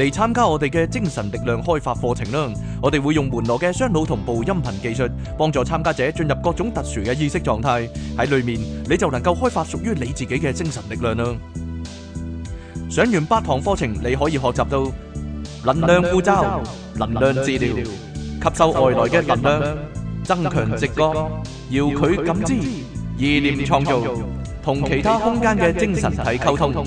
嚟參加我哋嘅精神力量開發課程啦！我哋會用門羅嘅雙腦同步音頻技術，幫助參加者進入各種特殊嘅意識狀態。喺裡面，你就能夠開發屬於你自己嘅精神力量啦！上完八堂課程，你可以學習到能量呼召、能量治療、吸收外來嘅能量、增強直覺、遙距感知、意念創造、同其他空間嘅精神體溝通。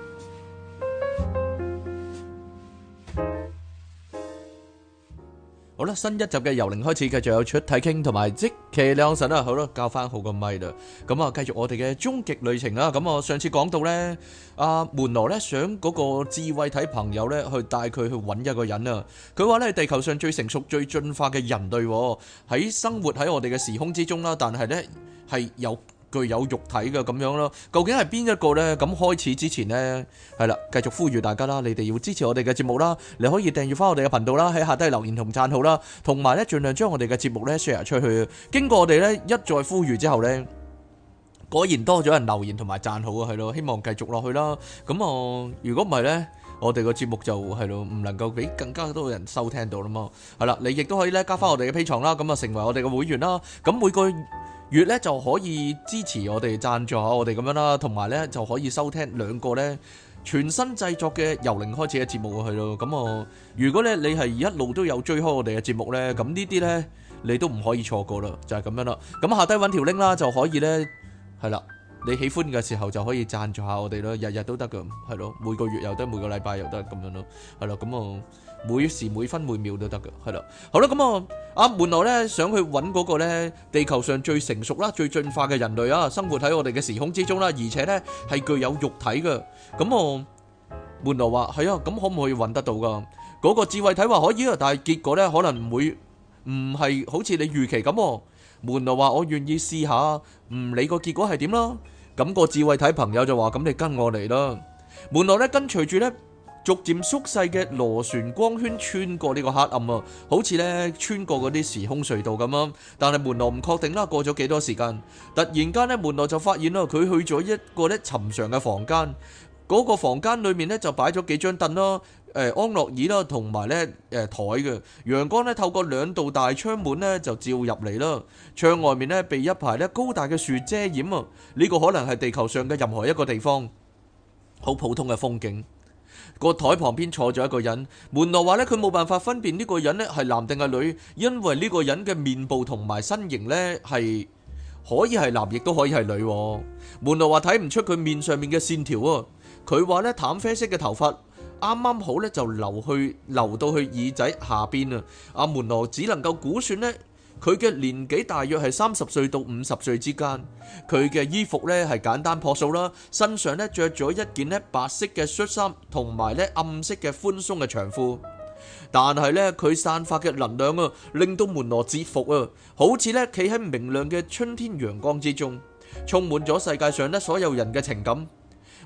好啦，新一集嘅由零開始，繼續有出體傾同埋即其兩神啦。好啦，交翻好個咪啦。咁啊，繼續我哋嘅終極旅程啦。咁我上次講到咧，阿門羅咧想嗰個智慧體朋友咧去帶佢去揾一個人啊。佢話咧，地球上最成熟、最進化嘅人類喺生活喺我哋嘅時空之中啦。但係咧係有。具有肉體嘅咁樣咯，究竟係邊一個咧？咁開始之前咧，係啦，繼續呼籲大家啦，你哋要支持我哋嘅節目啦，你可以訂閱翻我哋嘅頻道啦，喺下低留言同讚好啦，同埋咧盡量將我哋嘅節目咧 share 出去。經過我哋咧一再呼籲之後咧，果然多咗人留言同埋讚好啊，係咯，希望繼續落去啦。咁啊，如果唔係咧，我哋個節目就係咯，唔能夠俾更加多嘅人收聽到啦嘛。係啦，你亦都可以咧加翻我哋嘅 Patreon 啦，咁啊成為我哋嘅會員啦。咁每個月咧就可以支持我哋，贊助下我哋咁樣啦，同埋咧就可以收聽兩個咧全新製作嘅由零開始嘅節目去咯。咁我如果咧你係一路都有追開我哋嘅節目咧，咁呢啲咧你都唔可以錯過啦，就係咁樣啦。咁下低揾條 link 啦，就可以咧係啦。你喜歡嘅時候就可以贊助下我哋咯，日日都得嘅，係咯，每個月又得，每個禮拜又得咁樣咯，係啦，咁啊，每時每分每秒都得嘅，係啦，好啦，咁啊，阿門羅咧想去揾嗰個咧地球上最成熟啦、最進化嘅人類啊，生活喺我哋嘅時空之中啦、啊，而且咧係具有肉體嘅，咁我門羅話係啊，咁可唔可以揾得到噶？嗰個智慧體話可以啊，但係結果咧可能唔會唔係好似你預期咁、啊。門羅話：我願意試下，唔理個結果係點啦。咁個智慧體朋友就話：咁你跟我嚟啦。門羅咧跟隨住咧，逐漸縮細嘅螺旋光圈穿過呢個黑暗啊，好似咧穿過嗰啲時空隧道咁咯。但係門羅唔確定啦，過咗幾多時間，突然間咧門羅就發現啦，佢去咗一個咧尋常嘅房間。嗰個房間裏面咧就擺咗幾張凳啦。誒，安樂椅啦，同埋咧，誒台嘅陽光咧透過兩道大窗門咧就照入嚟啦。窗外面咧被一排咧高大嘅樹遮掩啊。呢、這個可能係地球上嘅任何一個地方，好普通嘅風景。個台旁邊坐咗一個人，門羅話咧佢冇辦法分辨呢個人咧係男定係女，因為呢個人嘅面部同埋身形咧係可以係男亦都可以係女。門羅話睇唔出佢面上面嘅線條啊。佢話咧淡啡色嘅頭髮。啱啱好咧就流去流到去耳仔下邊啊！阿門羅只能夠估算呢，佢嘅年紀大約係三十歲到五十歲之間。佢嘅衣服呢，係簡單樸素啦，身上呢，着咗一件咧白色嘅恤衫，同埋呢暗色嘅寬鬆嘅長褲。但係呢，佢散發嘅能量啊，令到門羅折服啊，好似呢企喺明亮嘅春天陽光之中，充滿咗世界上呢所有人嘅情感。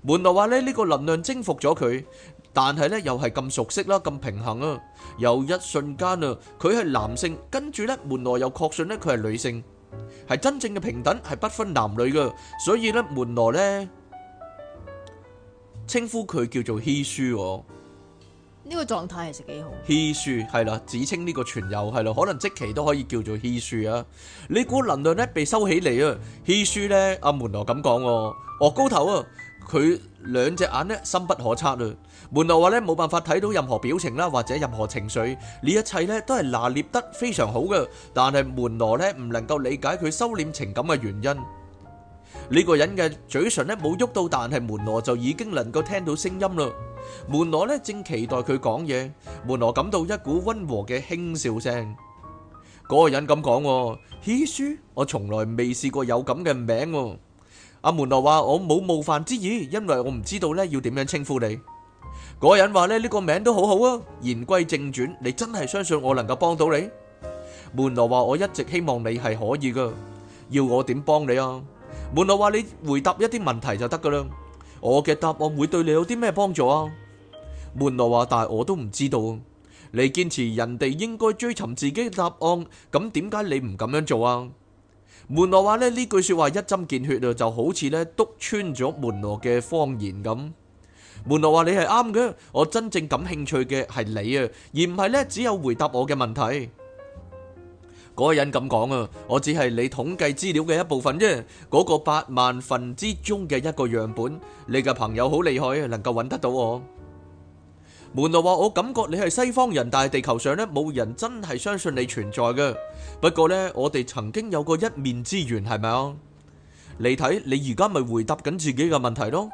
門羅話咧呢個能量征服咗佢，但係咧又係咁熟悉啦，咁平衡啊！又一瞬間啊，佢係男性，跟住咧門羅又確信咧佢係女性，係真正嘅平等，係不分男女噶。所以咧門羅咧稱呼佢叫做希舒，呢個狀態係食幾好。希舒係啦，只稱呢個全友係啦，可能即其都可以叫做希舒啊！你估能量咧被收起嚟啊，希舒咧阿門羅咁講，哦高頭啊！佢兩隻眼咧深不可測啊！門羅話咧冇辦法睇到任何表情啦，或者任何情緒，呢一切咧都係拿捏得非常好嘅。但係門羅咧唔能夠理解佢收斂情感嘅原因。呢個人嘅嘴唇咧冇喐到，但係門羅就已經能夠聽到聲音嘞。門羅咧正期待佢講嘢，門羅感到一股温和嘅輕笑聲。嗰個人咁講：唏噓，我從來未試過有咁嘅名。阿門羅話：我冇冒犯之意，因為我唔知道咧要點樣稱呼你。嗰人話咧呢個名都好好啊。言歸正傳，你真係相信我能夠幫到你？門羅話：我一直希望你係可以噶，要我點幫你啊？門羅話：你回答一啲問題就得噶啦。我嘅答案會對你有啲咩幫助啊？門羅話：但係我都唔知道。你堅持人哋應該追尋自己嘅答案，咁點解你唔咁樣做啊？門羅話呢句說話一針見血啊，就好似咧篤穿咗門羅嘅謊言咁。門羅話，你係啱嘅，我真正感興趣嘅係你啊，而唔係呢。只有回答我嘅問題。嗰個 人咁講啊，我只係你統計資料嘅一部分啫，嗰、那個八萬分之中嘅一個樣本。你嘅朋友好厲害啊，能夠揾得到我。門路話：我感覺你係西方人，但係地球上呢冇人真係相信你存在嘅。不過呢，我哋曾經有個一面之緣，係咪啊？你睇，你而家咪回答緊自己嘅問題咯。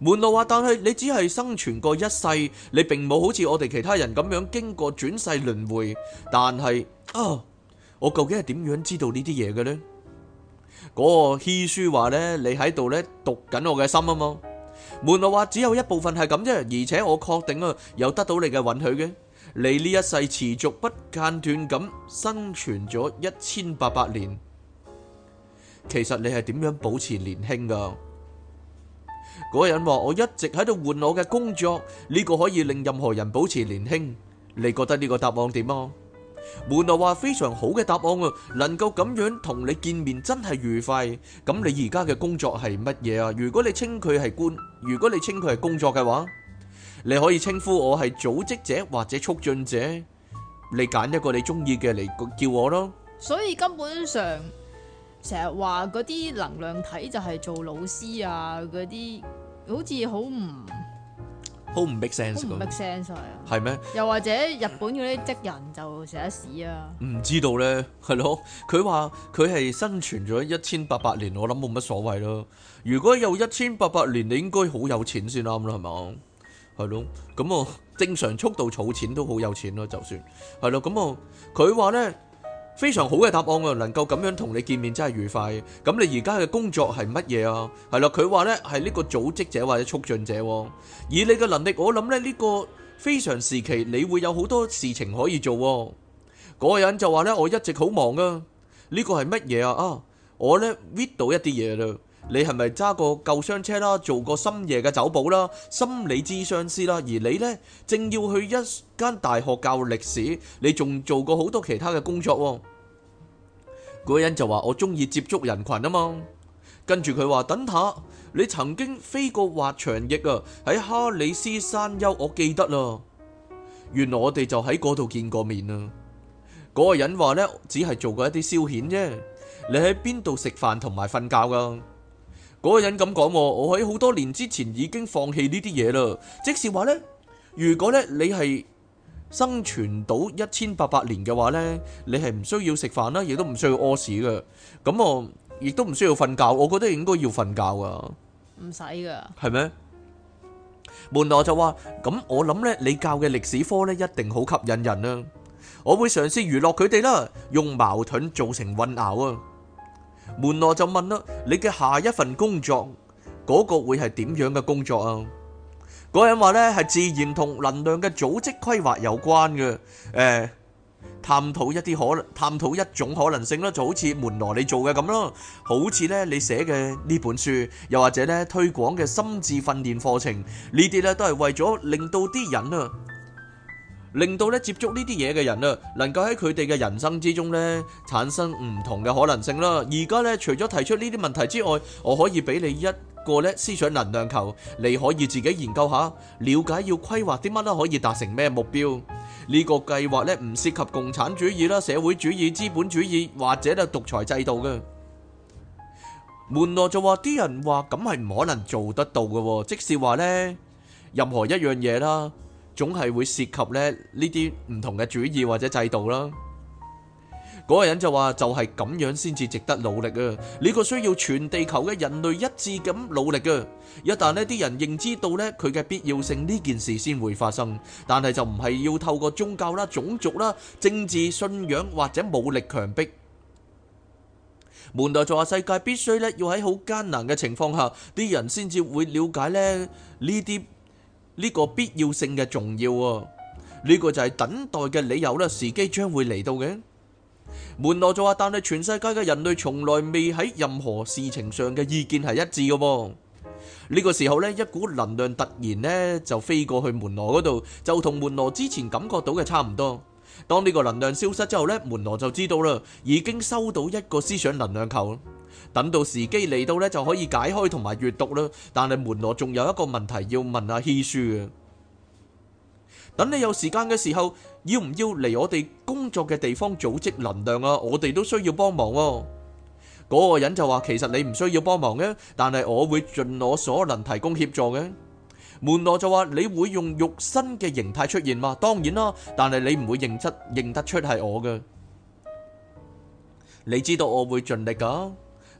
門路話：但係你只係生存過一世，你並冇好似我哋其他人咁樣經過轉世輪回。但係啊，我究竟係點樣知道呢啲嘢嘅呢？嗰、那個希書話呢，你喺度呢讀緊我嘅心啊嘛。門路話，只有一部分係咁啫，而且我確定啊，有得到你嘅允許嘅。你呢一世持續不間斷咁生存咗一千八百年，其實你係點樣保持年輕噶？嗰人話：我一直喺度換我嘅工作，呢個可以令任何人保持年輕。你覺得呢個答案點啊？門來話非常好嘅答案啊，能夠咁樣同你見面真係愉快。咁你而家嘅工作係乜嘢啊？如果你稱佢係官，如果你稱佢係工作嘅話，你可以稱呼我係組織者或者促進者。你揀一個你中意嘅嚟叫我咯。所以根本上成日話嗰啲能量體就係做老師啊，嗰啲好似好唔。好唔 make sense，唔 make sense，咁，係咩？又或者日本嗰啲職人就成得屎啊？唔知道咧，係咯。佢話佢係生存咗一千八百年，我諗冇乜所謂咯。如果有一千八百年，你應該好有錢先啱啦，係嘛？係咯。咁啊，正常速度儲錢都好有錢咯，就算係咯。咁啊，佢話咧。非常好嘅答案喎，能夠咁樣同你見面真係愉快。咁你而家嘅工作係乜嘢啊？係啦，佢話呢係呢個組織者或者促進者。以你嘅能力，我諗呢呢個非常時期，你會有好多事情可以做。嗰、那個人就話呢：「我一直好忙啊。呢、這個係乜嘢啊？啊，我呢，read 到一啲嘢啦。你係咪揸過救傷車啦，做過深夜嘅酒保啦，心理諮商師啦，而你呢，正要去一間大學教歷史，你仲做過好多其他嘅工作。嗰個人就話：我中意接觸人群啊嘛。跟住佢話：等下你曾經飛過滑翔翼啊，喺哈里斯山丘，我記得啦。原來我哋就喺嗰度見過面啊。嗰、那個人話呢，只係做過一啲消遣啫。你喺邊度食飯同埋瞓覺噶？嗰個人咁講喎，我喺好多年之前已經放棄呢啲嘢啦。即是話咧，如果咧你係生存到一千八百年嘅話咧，你係唔需要食飯啦，亦都唔需要屙屎㗎。咁我亦都唔需要瞓覺。我覺得應該要瞓覺噶。唔使噶。係咩？門羅就話：咁我諗咧，你教嘅歷史科咧一定好吸引人啊。我會嘗試娛樂佢哋啦，用矛盾造成混淆啊！門羅就問啦：你嘅下一份工作嗰個會係點樣嘅工作啊？嗰人話呢係自然同能量嘅組織規劃有關嘅。誒，探討一啲可能，探討一種可能性啦，就好似門羅你做嘅咁咯，好似咧你寫嘅呢本書，又或者咧推廣嘅心智訓練課程呢啲咧，都係為咗令到啲人啊。令到咧接觸呢啲嘢嘅人啦，能夠喺佢哋嘅人生之中咧產生唔同嘅可能性啦。而家咧除咗提出呢啲問題之外，我可以俾你一個咧思想能量球，你可以自己研究下，了解要規劃啲乜啦，可以達成咩目標？呢個計劃咧唔涉及共產主義啦、社會主義、資本主義或者咧獨裁制度嘅。門諾就話：啲人話咁係唔可能做得到嘅，即使話咧任何一樣嘢啦。總係會涉及咧呢啲唔同嘅主義或者制度啦。嗰個人就話：就係咁樣先至值得努力啊！呢個需要全地球嘅人類一致咁努力噶。一旦咧啲人認知到咧佢嘅必要性，呢件事先會發生。但係就唔係要透過宗教啦、種族啦、政治信仰或者武力強迫。門內就話：世界必須咧要喺好艱難嘅情況下，啲人先至會了解咧呢啲。呢個必要性嘅重要，呢個就係等待嘅理由啦。時機將會嚟到嘅。門羅就話：，但係全世界嘅人類從來未喺任何事情上嘅意見係一致嘅。呢個時候呢，一股能量突然呢就飛過去門羅嗰度，就同門羅之前感覺到嘅差唔多。當呢個能量消失之後呢，門羅就知道啦，已經收到一個思想能量球。等到時機嚟到呢，就可以解開同埋閱讀啦。但係門羅仲有一個問題要問阿希書嘅。等你有時間嘅時候，要唔要嚟我哋工作嘅地方組織能量啊？我哋都需要幫忙啊。嗰個人就話：，其實你唔需要幫忙嘅，但係我會盡我所能提供協助嘅。門羅就話：你會用肉身嘅形態出現嘛？當然啦，但係你唔會認出認得出係我嘅。你知道我會盡力㗎。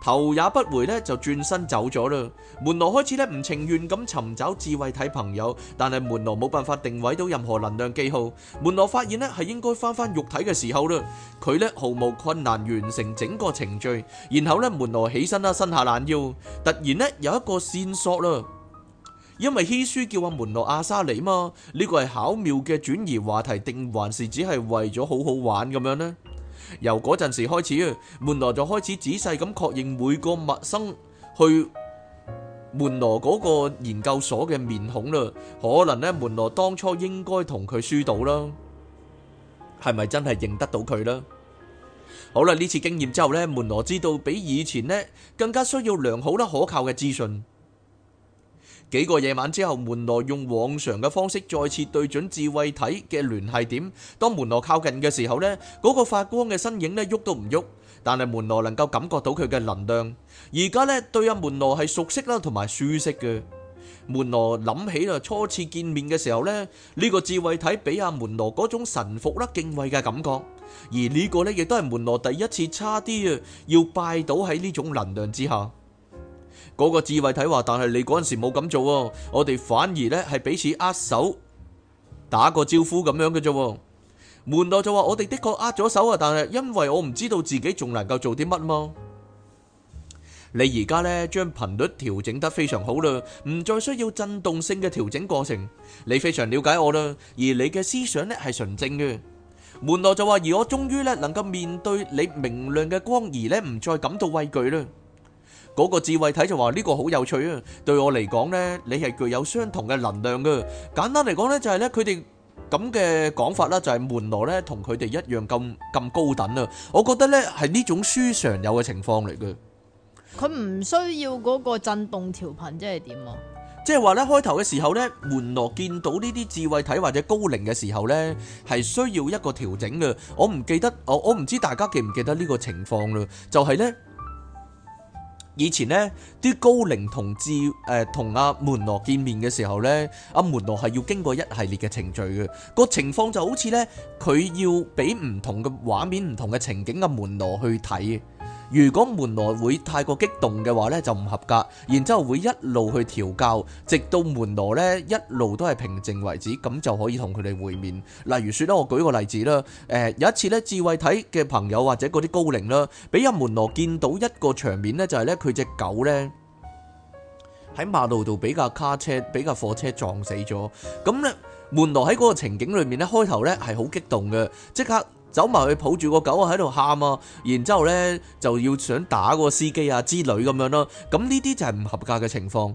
頭也不回咧，就轉身走咗啦。門羅開始咧唔情願咁尋找智慧體朋友，但係門羅冇辦法定位到任何能量記號。門羅發現咧係應該翻翻肉體嘅時候啦，佢咧毫無困難完成整個程序。然後咧門羅起身啦，伸下懶腰，突然咧有一個線索啦。因為希書叫阿門羅阿莎嚟嘛，呢個係巧妙嘅轉移話題定還是只係為咗好好玩咁樣呢？由嗰陣時開始，門羅就開始仔細咁確認每個陌生去門羅嗰個研究所嘅面孔嘞。可能咧，門羅當初應該同佢輸到啦，係咪真係認得到佢咧？好啦，呢次經驗之後咧，門羅知道比以前咧更加需要良好啦可靠嘅資訊。幾個夜晚之後，門羅用往常嘅方式再次對準智慧體嘅聯繫點。當門羅靠近嘅時候呢嗰、嗰個發光嘅身影呢喐都唔喐，但係門羅能夠感覺到佢嘅能量。而家呢，對阿門羅係熟悉啦，同埋舒適嘅。門羅諗起啦，初次見面嘅時候呢，呢、這個智慧體俾阿門羅嗰種臣服啦、敬畏嘅感覺。而呢個呢，亦都係門羅第一次差啲要拜倒喺呢種能量之下。嗰個智慧體話：但係你嗰陣時冇咁做，我哋反而咧係彼此握手、打個招呼咁樣嘅啫。門內就話：我哋的確握咗手啊，但係因為我唔知道自己仲能夠做啲乜咯。你而家咧將頻率調整得非常好啦，唔再需要震動性嘅調整過程。你非常了解我啦，而你嘅思想咧係純正嘅。門內就話：而我終於咧能夠面對你明亮嘅光而咧唔再感到畏懼啦。嗰個智慧體就話，呢個好有趣啊！對我嚟講呢，你係具有相同嘅能量噶。簡單嚟講呢，就係呢佢哋咁嘅講法啦，就係門羅呢同佢哋一樣咁咁高等啊！我覺得呢係呢種書常有嘅情況嚟嘅。佢唔需要嗰個震動調頻，即係點啊？即係話呢開頭嘅時候呢，門羅見到呢啲智慧體或者高靈嘅時候呢，係需要一個調整嘅。我唔記得，我我唔知大家記唔記得呢個情況啦？就係呢。以前呢啲高靈同志，誒同阿門羅見面嘅時候呢，阿門羅係要經過一系列嘅程序嘅，個情況就好似呢，佢要俾唔同嘅畫面、唔同嘅情景嘅門羅去睇。如果門羅會太過激動嘅話呢，就唔合格，然之後會一路去調教，直到門羅呢一路都係平靜為止，咁就可以同佢哋會面。例如説咧，我舉個例子啦，誒、呃、有一次呢，智慧體嘅朋友或者嗰啲高靈啦，俾入門羅見到一個場面呢，就係呢，佢隻狗呢喺馬路度俾架卡車、俾架貨車撞死咗，咁呢，門羅喺嗰個情景裏面呢，開頭呢係好激動嘅，即刻。走埋去抱住個狗啊，喺度喊啊，然之後咧就要想打嗰個司機啊之類咁樣咯。咁呢啲就係唔合格嘅情況。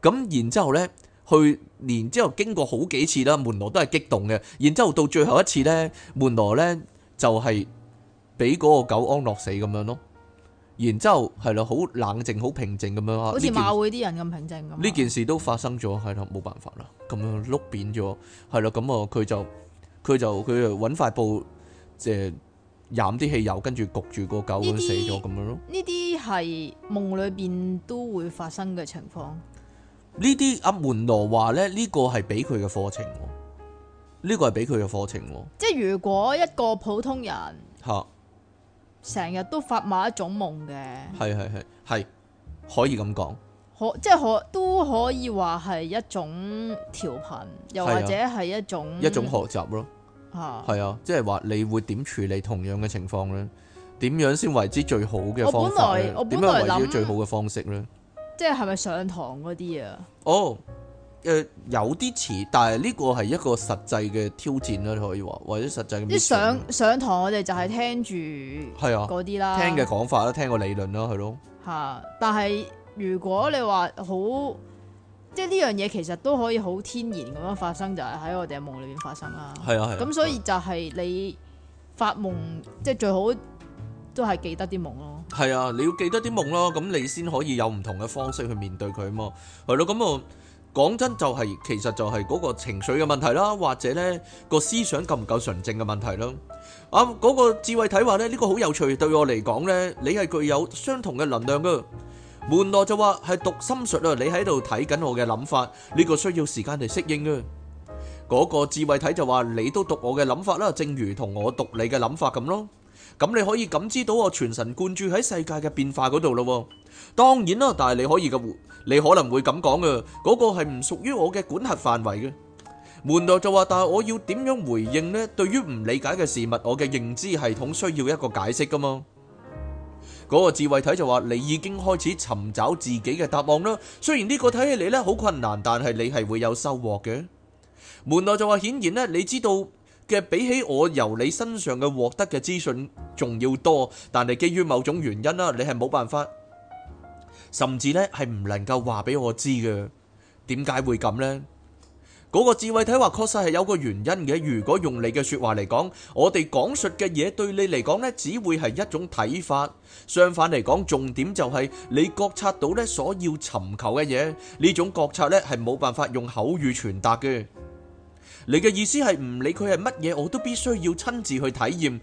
咁然之後咧，去連之後經過好幾次啦，門羅都係激動嘅。然之後到最後一次呢，門羅呢，就係俾嗰個狗安樂死咁樣咯。然之後係啦，好冷靜，好平靜咁樣啊。好似馬會啲人咁平靜咁。呢件事都發生咗，係啦，冇辦法啦，咁樣碌扁咗，係啦，咁啊，佢就佢就佢就搵塊布。即係飲啲汽油，跟住，焗住個狗咁些死咗咁樣咯。呢啲係夢裏邊都會發生嘅情況。呢啲阿門羅話咧，呢個係俾佢嘅課程，呢個係俾佢嘅課程。即係如果一個普通人吓成日都發埋一種夢嘅，係係係係可以咁講。可即係可都可以話係一種調頻，又或者係一種、啊、一種學習咯。係啊，即係話你會點處理同樣嘅情況咧？點樣先為之最好嘅方法咧？我本來點樣為之最好嘅方式咧？即係係咪上堂嗰啲啊？哦，誒、呃，有啲似，但係呢個係一個實際嘅挑戰啦，你可以話，或者實際。即上上堂我哋就係聽住係啊嗰啲啦，聽嘅講法啦，聽個理論咯，係咯。吓，但係如果你話好。即係呢樣嘢其實都可以好天然咁樣發生，就係、是、喺我哋嘅夢裏面發生啦。係啊係。咁、啊、所以就係你發夢，即係、啊、最好都係記得啲夢咯。係啊，你要記得啲夢咯，咁你先可以有唔同嘅方式去面對佢啊嘛。係咯，咁啊講真就係、是，其實就係嗰個情緒嘅問題啦，或者呢、那個思想夠唔夠純正嘅問題啦。啊，嗰、那個智慧體話呢，呢、這個好有趣，對我嚟講呢，你係具有相同嘅能量噶。門羅就話係讀心術啊，你喺度睇緊我嘅諗法，呢個需要時間嚟適應啊。嗰個智慧體就話你都讀我嘅諗法啦，正如同我讀你嘅諗法咁咯。咁你可以感知到我全神貫注喺世界嘅變化嗰度咯。當然啦，但係你可以嘅，你可能會咁講啊。嗰個係唔屬於我嘅管轄範圍嘅。門羅就話，但係我要點樣回應呢？對於唔理解嘅事物，我嘅認知系統需要一個解釋噶嘛。嗰個智慧體就話：你已經開始尋找自己嘅答案啦。雖然呢個睇起嚟咧好困難，但係你係會有收穫嘅。門內就話：顯然咧，你知道嘅比起我由你身上嘅獲得嘅資訊仲要多，但係基於某種原因啦，你係冇辦法，甚至咧係唔能夠話俾我知嘅。點解會咁呢？嗰個智慧體話，確實係有個原因嘅。如果用你嘅說話嚟講，我哋講述嘅嘢對你嚟講呢，只會係一種睇法。相反嚟講，重點就係你覺察到呢所要尋求嘅嘢，呢種覺察呢係冇辦法用口語傳達嘅。你嘅意思係唔理佢係乜嘢，我都必須要親自去體驗，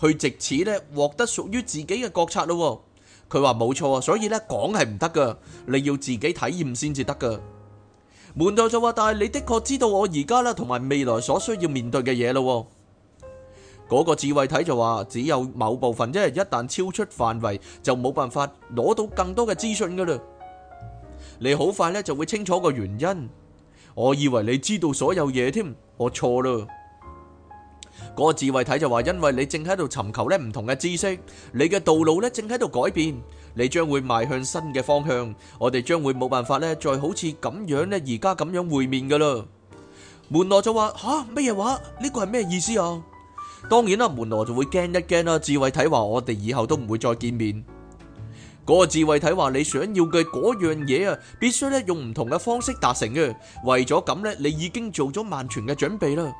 去借此呢獲得屬於自己嘅覺察咯。佢話冇錯啊，所以呢講係唔得噶，你要自己體驗先至得噶。門道就話,但係你的確知道我而家同埋未來所需要面對嘅嘢咯。嗰個智慧體就話,只有某部分即係一旦超出範圍,就冇辦法攞到更多嘅資訊㗎喇。你好快咧就會清楚個原因。我以為你知道所有嘢添,我錯了。嗰個智慧體就話,因為你正喺度尋求咧唔同嘅知識,你嘅道路咧正喺度改變。你將會邁向新嘅方向，我哋將會冇辦法咧，再好似咁樣咧，而家咁樣會面㗎啦。門羅就話：吓，咩嘢話？呢個係咩意思啊？當然啦，門羅就會驚一驚啦。智慧體話：我哋以後都唔會再見面。嗰個智慧體話：你想要嘅嗰樣嘢啊，必須咧用唔同嘅方式達成嘅。為咗咁咧，你已經做咗萬全嘅準備啦。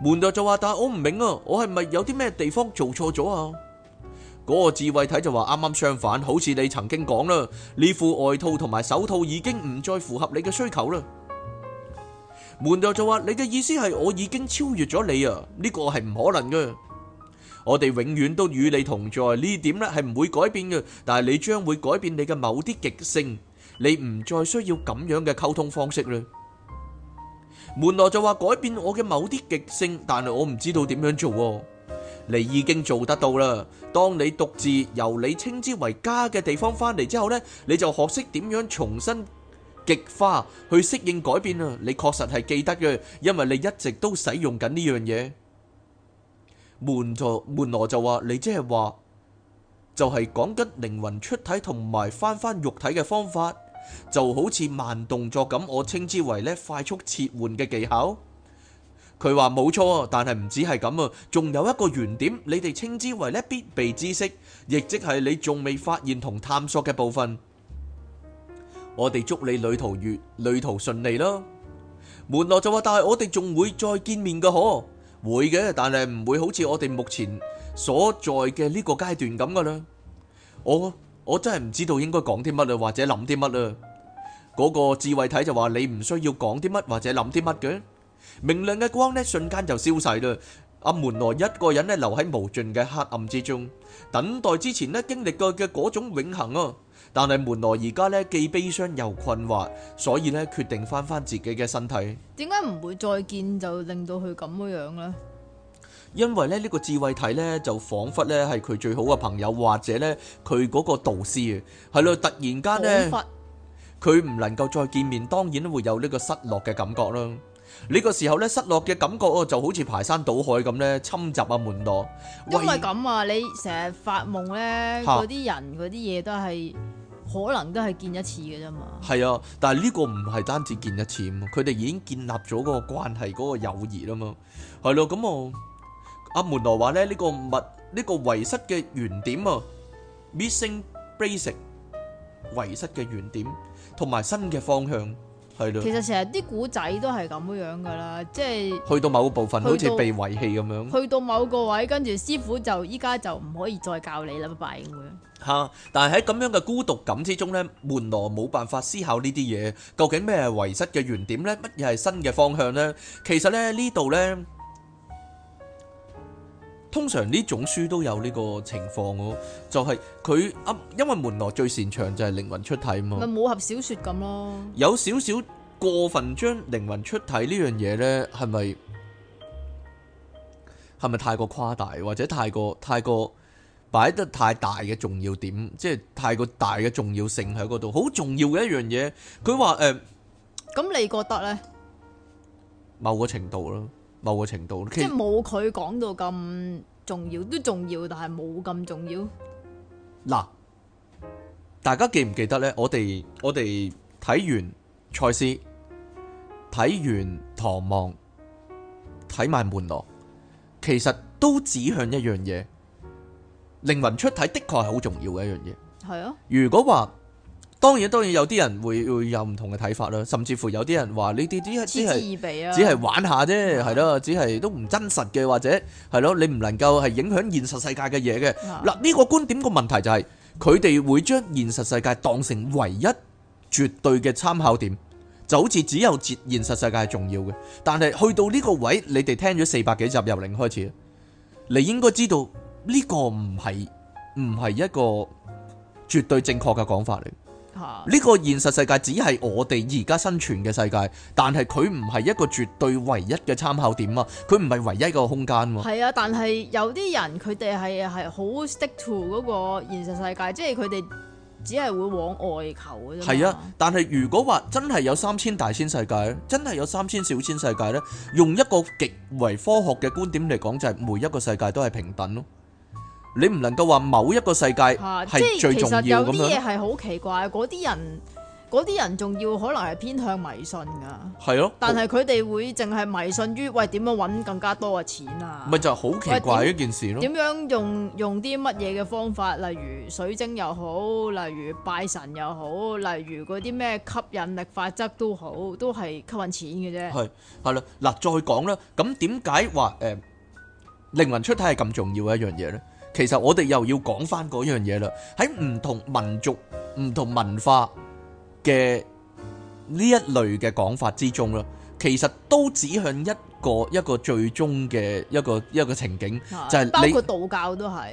門羅就話：但係我唔明啊，我係咪有啲咩地方做錯咗啊？嗰個智慧體就話：啱啱相反，好似你曾經講啦，呢副外套同埋手套已經唔再符合你嘅需求啦。門羅就話：你嘅意思係我已經超越咗你啊？呢個係唔可能嘅。我哋永遠都與你同在，呢點咧係唔會改變嘅。但係你將會改變你嘅某啲極性，你唔再需要咁樣嘅溝通方式啦。門羅就話：改變我嘅某啲極性，但係我唔知道點樣做。你已經做得到啦。當你獨自由你稱之為家嘅地方翻嚟之後，呢你就學識點樣重新極化，去適應改變啦。你確實係記得嘅，因為你一直都使用緊呢樣嘢。門羅門羅就話：你即係話，就係講緊靈魂出體同埋翻翻肉體嘅方法，就好似慢動作咁。我稱之為咧快速切換嘅技巧。佢話冇錯，但係唔止係咁啊，仲有一個原點，你哋稱之為咧必備知識，亦即係你仲未發現同探索嘅部分。我哋祝你旅途愉旅途順利啦。門羅就話：但係我哋仲會再見面噶，嗬，會嘅，但係唔會好似我哋目前所在嘅呢個階段咁噶啦。我我真係唔知道應該講啲乜啊，或者諗啲乜啊。嗰個智慧體就話：你唔需要講啲乜或者諗啲乜嘅。明亮嘅光咧，瞬間就消逝啦。阿門諾一個人咧，留喺無盡嘅黑暗之中，等待之前咧經歷過嘅嗰種永恆啊。但係門諾而家咧既悲傷又困惑，所以咧決定翻翻自己嘅身體。點解唔會再見就令到佢咁樣咧？因為咧呢個智慧體咧就仿佛咧係佢最好嘅朋友，或者咧佢嗰個導師係咯。突然間咧，佢唔能夠再見面，當然會有呢個失落嘅感覺啦。呢個時候咧，失落嘅感覺哦，就好似排山倒海咁咧，侵襲阿門羅。因為咁啊，你成日發夢咧，嗰啲人嗰啲嘢都係可能都係見一次嘅啫嘛。係啊，但係呢個唔係單止見一次，佢哋已經建立咗嗰個關係、嗰個友誼啦嘛。係咯，咁我阿門羅話咧，呢個物呢個遺失嘅原點啊，missing basic 遺失嘅原點，同埋新嘅方向。係咯，其實成日啲古仔都係咁樣噶啦，即係去到某部分去到好似被遺棄咁樣，去到某個位，跟住師傅就依家就唔可以再教你啦，拜會。吓，但係喺咁樣嘅孤獨感之中咧，門羅冇辦法思考呢啲嘢，究竟咩係遺失嘅原點咧？乜嘢係新嘅方向咧？其實咧呢度咧。通常呢種書都有呢個情況咯，就係佢啊，因為門羅最擅長就係靈魂出體嘛。咪武俠小説咁咯，有少少過分將靈魂出體呢樣嘢呢，係咪係咪太過誇大，或者太過太過擺得太大嘅重要點，即係太過大嘅重要性喺嗰度。好重要嘅一樣嘢，佢話誒，咁、呃、你覺得呢？某個程度咯。某個程度，okay? 即係冇佢講到咁重要，都重要，但係冇咁重要。嗱，大家記唔記得呢？我哋我哋睇完賽斯，睇完唐望，睇埋門羅，其實都指向一樣嘢，靈魂出體的確係好重要嘅一樣嘢。係啊，如果話。當然當然有啲人會會有唔同嘅睇法啦，甚至乎有啲人話你哋啲係只係玩下啫，係咯，只係都唔真實嘅，或者係咯，你唔能夠係影響現實世界嘅嘢嘅。嗱呢、啊、個觀點個問題就係佢哋會將現實世界當成唯一絕對嘅參考點，就好似只有截現實世界係重要嘅。但係去到呢個位，你哋聽咗四百幾集由零開始，你應該知道呢、呢個唔係唔係一個絕對正確嘅講法嚟。呢個現實世界只係我哋而家生存嘅世界，但係佢唔係一個絕對唯一嘅參考點啊！佢唔係唯一一個空間啊！係啊，但係有啲人佢哋係係好 stick to 嗰個現實世界，即係佢哋只係會往外求嘅啫。係啊，但係如果話真係有三千大千世界，真係有三千小千世界呢？用一個極為科學嘅觀點嚟講，就係、是、每一個世界都係平等咯。你唔能夠話某一個世界係最重要咁樣。係即係其實有啲嘢係好奇怪，嗰啲人，嗰啲人仲要可能係偏向迷信噶。係咯，但係佢哋會淨係迷信於喂，點樣搵更加多嘅錢啊？咪就係好奇怪一件事咯。點樣用用啲乜嘢嘅方法，例如水晶又好，例如拜神又好，例如嗰啲咩吸引力法則都好，都係吸引錢嘅啫。係係啦，嗱再講啦，咁點解話誒，靈魂出體係咁重要嘅一樣嘢咧？其實我哋又要講翻嗰樣嘢啦，喺唔同民族、唔同文化嘅呢一類嘅講法之中啦，其實都指向一個一個最終嘅一個一個情景，就係包括道教都係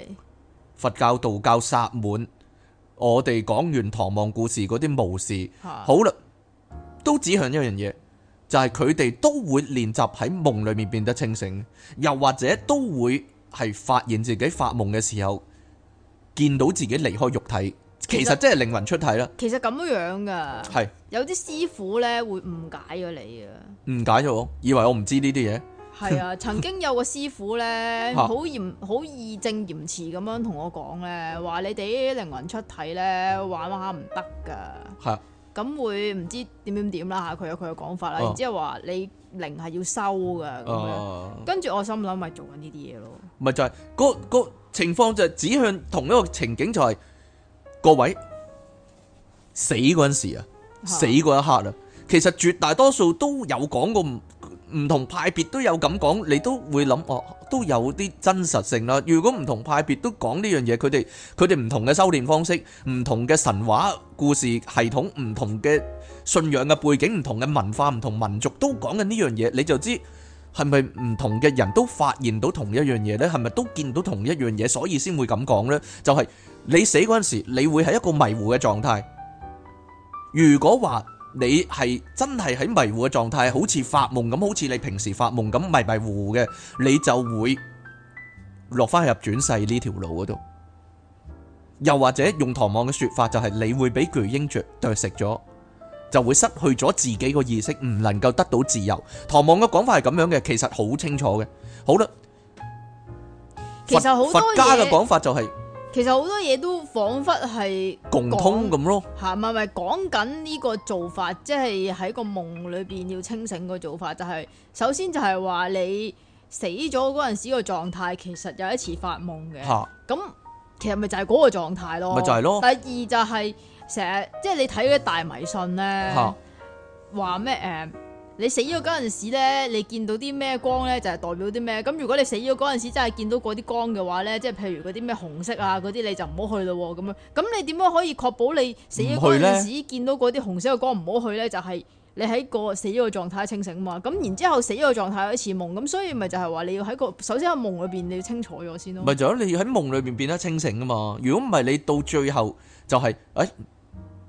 佛教、道教、薩滿，我哋講完唐望故事嗰啲巫事，好啦，都指向一樣嘢，就係佢哋都會練習喺夢裏面變得清醒，又或者都會。係發現自己發夢嘅時候，見到自己離開肉體，其實真係靈魂出體啦。其實咁樣噶，係是有啲師傅呢會誤解咗你啊，誤解咗我，以為我唔知呢啲嘢。係啊，曾經有個師傅呢，好嚴好義正言辭咁樣同我講呢：「話你哋靈魂出體呢，玩玩下唔得噶。」係、啊。咁會唔知點點點啦嚇，佢有佢嘅講法啦，然之後話你零係要收嘅咁樣，跟住我心諗咪做緊呢啲嘢咯，咪就係個個情況就係指向同一個情景，就係各位死嗰陣時啊，死嗰一刻啊，其實絕大多數都有講過。唔同派別都有咁講，你都會諗哦，都有啲真實性啦。如果唔同派別都講呢樣嘢，佢哋佢哋唔同嘅修煉方式，唔同嘅神話故事系統，唔同嘅信仰嘅背景，唔同嘅文化，唔同民族都講緊呢樣嘢，你就知係咪唔同嘅人都發現到同一樣嘢呢？係咪都見到同一樣嘢，所以先會咁講呢？就係你死嗰陣時，你會係一個迷糊嘅狀態。如果話，你係真係喺迷糊嘅狀態，好似發夢咁，好似你平時發夢咁迷迷糊糊嘅，你就會落翻入轉世呢條路嗰度。又或者用唐望嘅説法，就係你會俾巨鷹啄啄食咗，就會失去咗自己個意識，唔能夠得到自由。唐望嘅講法係咁樣嘅，其實好清楚嘅。好啦，其實佛佛家嘅講法就係、是。其實好多嘢都仿佛係共通咁咯，吓咪係唔講緊呢個做法，即係喺個夢裏邊要清醒嗰做法，就係、是、首先就係話你死咗嗰陣時個狀態，其實有一次發夢嘅，咁哈其實咪就係嗰個狀態咯，咪就係咯。第二就係成日即係你睇嗰啲大迷信咧，話咩誒？你死咗嗰陣時咧，你見到啲咩光咧，就係代表啲咩？咁如果你死咗嗰陣時真係見到嗰啲光嘅話咧，即係譬如嗰啲咩紅色啊嗰啲，你就唔好去咯咁樣。咁你點樣可以確保你死咗嗰陣時見到嗰啲紅色嘅光唔好去咧？就係你喺個死咗嘅狀態清醒嘛。咁然之後死咗嘅狀態好似夢，咁所以咪就係話你要喺個首先喺夢裏邊你要清楚咗先咯。咪就係你要喺夢裏邊變得清醒啊嘛。如果唔係你到最後就係誒，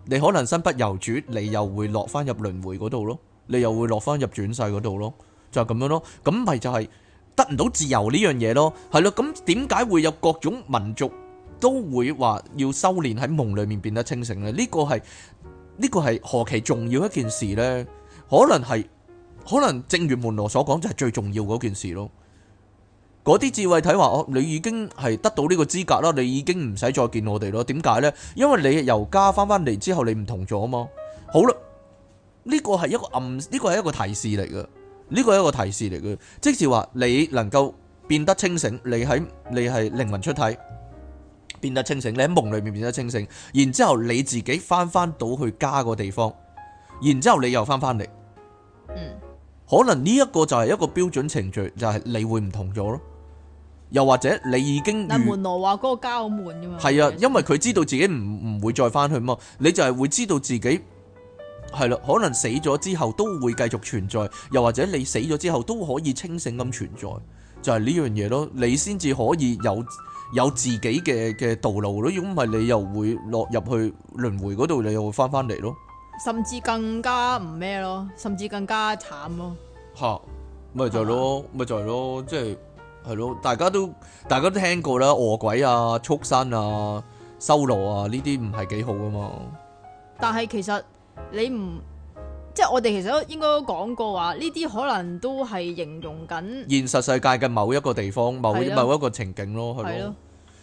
你可能身不由主，你又會落翻入輪迴嗰度咯。你又會落翻入轉世嗰度咯，就係咁樣咯，咁咪就係得唔到自由呢樣嘢咯，係咯，咁點解會有各種民族都會話要修煉喺夢裏面變得清醒呢？呢個係呢個係何其重要一件事呢，可能係可能正如門羅所講，就係最重要嗰件事咯。嗰啲智慧體話：哦，你已經係得到呢個資格啦，你已經唔使再見我哋咯。點解呢？因為你由家翻翻嚟之後，你唔同咗啊嘛。好啦。呢個係一個暗，呢、這個係一個提示嚟嘅。呢、這個係一個提示嚟嘅，即是話你能夠變得清醒，你喺你係靈魂出體變得清醒，你喺夢裏面變得清醒，然之後你自己翻翻到去家個地方，然之後你又翻翻嚟。嗯、可能呢一個就係一個標準程序，就係、是、你會唔同咗咯。又或者你已經……那門羅話嗰個家好悶噶嘛？係啊，因為佢知道自己唔唔會再翻去嘛，你就係會知道自己。係咯，可能死咗之後都會繼續存在，又或者你死咗之後都可以清醒咁存在，就係呢樣嘢咯。你先至可以有有自己嘅嘅道路咯，如果唔係你又會落入去輪迴嗰度，你又會翻翻嚟咯。甚至更加唔咩咯，甚至更加慘咯。吓、啊，咪就係咯，咪就係咯，即係係咯，大家都大家都聽過啦，餓鬼啊、畜生啊、修羅啊呢啲唔係幾好噶嘛但係其實。你唔，即係我哋其實應該都講過話，呢啲可能都係形容緊現實世界嘅某一個地方、某某一個情景咯。係咯，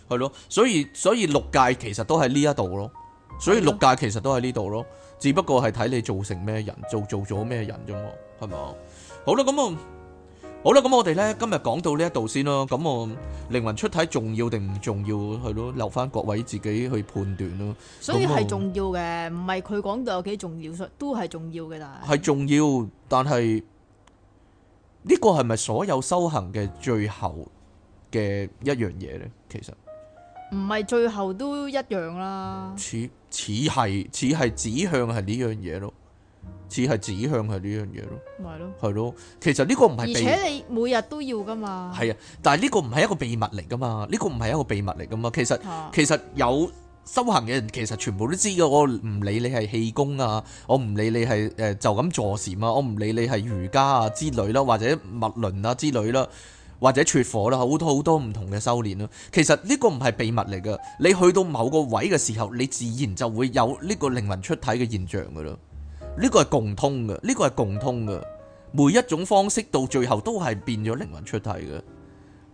係咯，所以，所以六界其實都喺呢一度咯。所以六界其實都喺呢度咯，只不過係睇你做成咩人，做做咗咩人啫嘛，係咪？好啦，咁啊好啦，咁我哋呢今日講到呢一度先咯。咁我靈魂出體重要定唔重要係咯？留翻各位自己去判斷咯。所以係重要嘅，唔係佢講到有幾重要，都係重要嘅。但係重要，但係呢個係咪所有修行嘅最後嘅一樣嘢呢？其實唔係最後都一樣啦。似似係似係指向係呢樣嘢咯。似係指向係呢樣嘢咯，係咯，係咯。其實呢個唔係秘密。而且你每日都要噶嘛，係啊。但係呢個唔係一個秘密嚟噶嘛，呢、這個唔係一個秘密嚟噶嘛。其實、啊、其實有修行嘅人，其實全部都知噶。我唔理你係氣功啊，我唔理你係誒、呃、就咁坐禪啊，我唔理你係瑜伽啊之類啦，或者物輪啊之類啦，或者出火啦、啊，好多好多唔同嘅修煉咯。其實呢個唔係秘密嚟噶，你去到某個位嘅時候，你自然就會有呢個靈魂出體嘅現象噶啦。呢個係共通嘅，呢個係共通嘅。每一種方式到最後都係變咗靈魂出體嘅。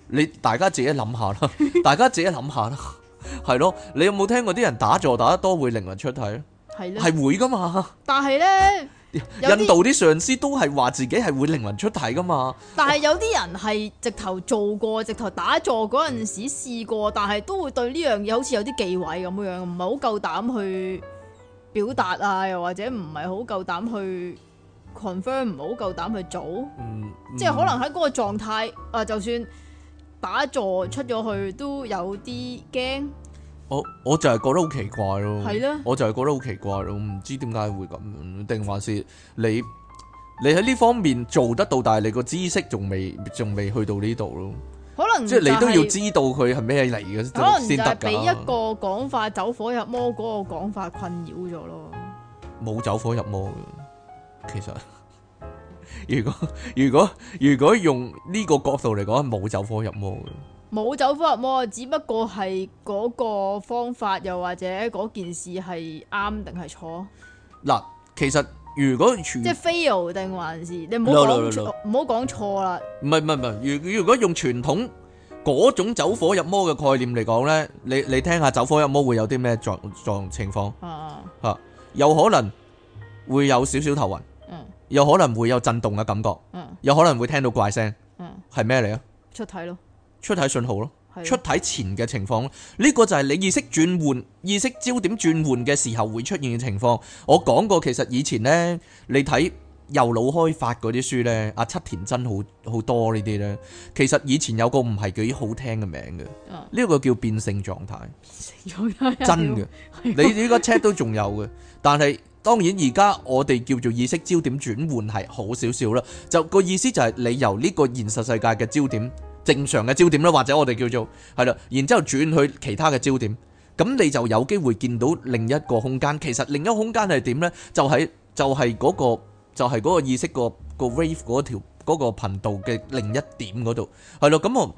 你大家自己諗下啦，大家自己諗下啦。係咯， 你有冇聽過啲人打坐打得多會靈魂出體咧？係咧的，係會噶嘛？但係呢，印度啲上司都係話自己係會靈魂出體噶嘛？但係有啲人係直頭做過，直頭打坐嗰陣時試過，但係都會對呢樣嘢好似有啲忌諱咁樣，唔係好夠膽去。表達啊，又或者唔係好夠膽去 confirm，唔係好夠膽去做，嗯嗯、即係可能喺嗰個狀態、嗯、啊，就算打坐出咗去都有啲驚。我我就係覺得好奇怪咯，係咯，我就係覺得好奇怪咯，唔知點解會咁，定還是你你喺呢方面做得到，但係你個知識仲未仲未去到呢度咯。可能就係、即係你都要知道佢係咩嚟嘅，可能先得噶。俾一個講法走火入魔嗰個講法困擾咗咯。冇走火入魔嘅，其實如果如果如果用呢個角度嚟講，冇走火入魔嘅。冇走火入魔，只不過係嗰個方法又或者嗰件事係啱定係錯嗱。其實。如果即係 fail 定還是，你唔好講錯，唔好講錯啦。唔係唔係唔係，如如果用傳統嗰種走火入魔嘅概念嚟講咧，你你聽下走火入魔會有啲咩狀狀情況？啊啊吓，有可能會有少少頭暈，嗯，有可能會有震動嘅感覺，嗯，有可能會聽到怪聲，嗯，係咩嚟啊？出體咯，出體信號咯。出體前嘅情況，呢個就係你意識轉換、意識焦點轉換嘅時候會出現嘅情況。我講過，其實以前呢，你睇右腦開發嗰啲書呢，阿七田真好好多呢啲呢。其實以前有個唔係幾好聽嘅名嘅，呢個叫變性狀態，真嘅。變性狀態，真的 你呢個 check 都仲有嘅，但係當然而家我哋叫做意識焦點轉換係好少少啦。就個意思就係你由呢個現實世界嘅焦點，正常嘅焦點啦，或者我哋叫做係啦，然之後轉去其他嘅焦點，咁你就有機會見到另一個空間。其實另一個空間係點呢？就係就係嗰個就係嗰個意識個個 wave 嗰條嗰個頻道嘅另一點嗰度，係咯。咁我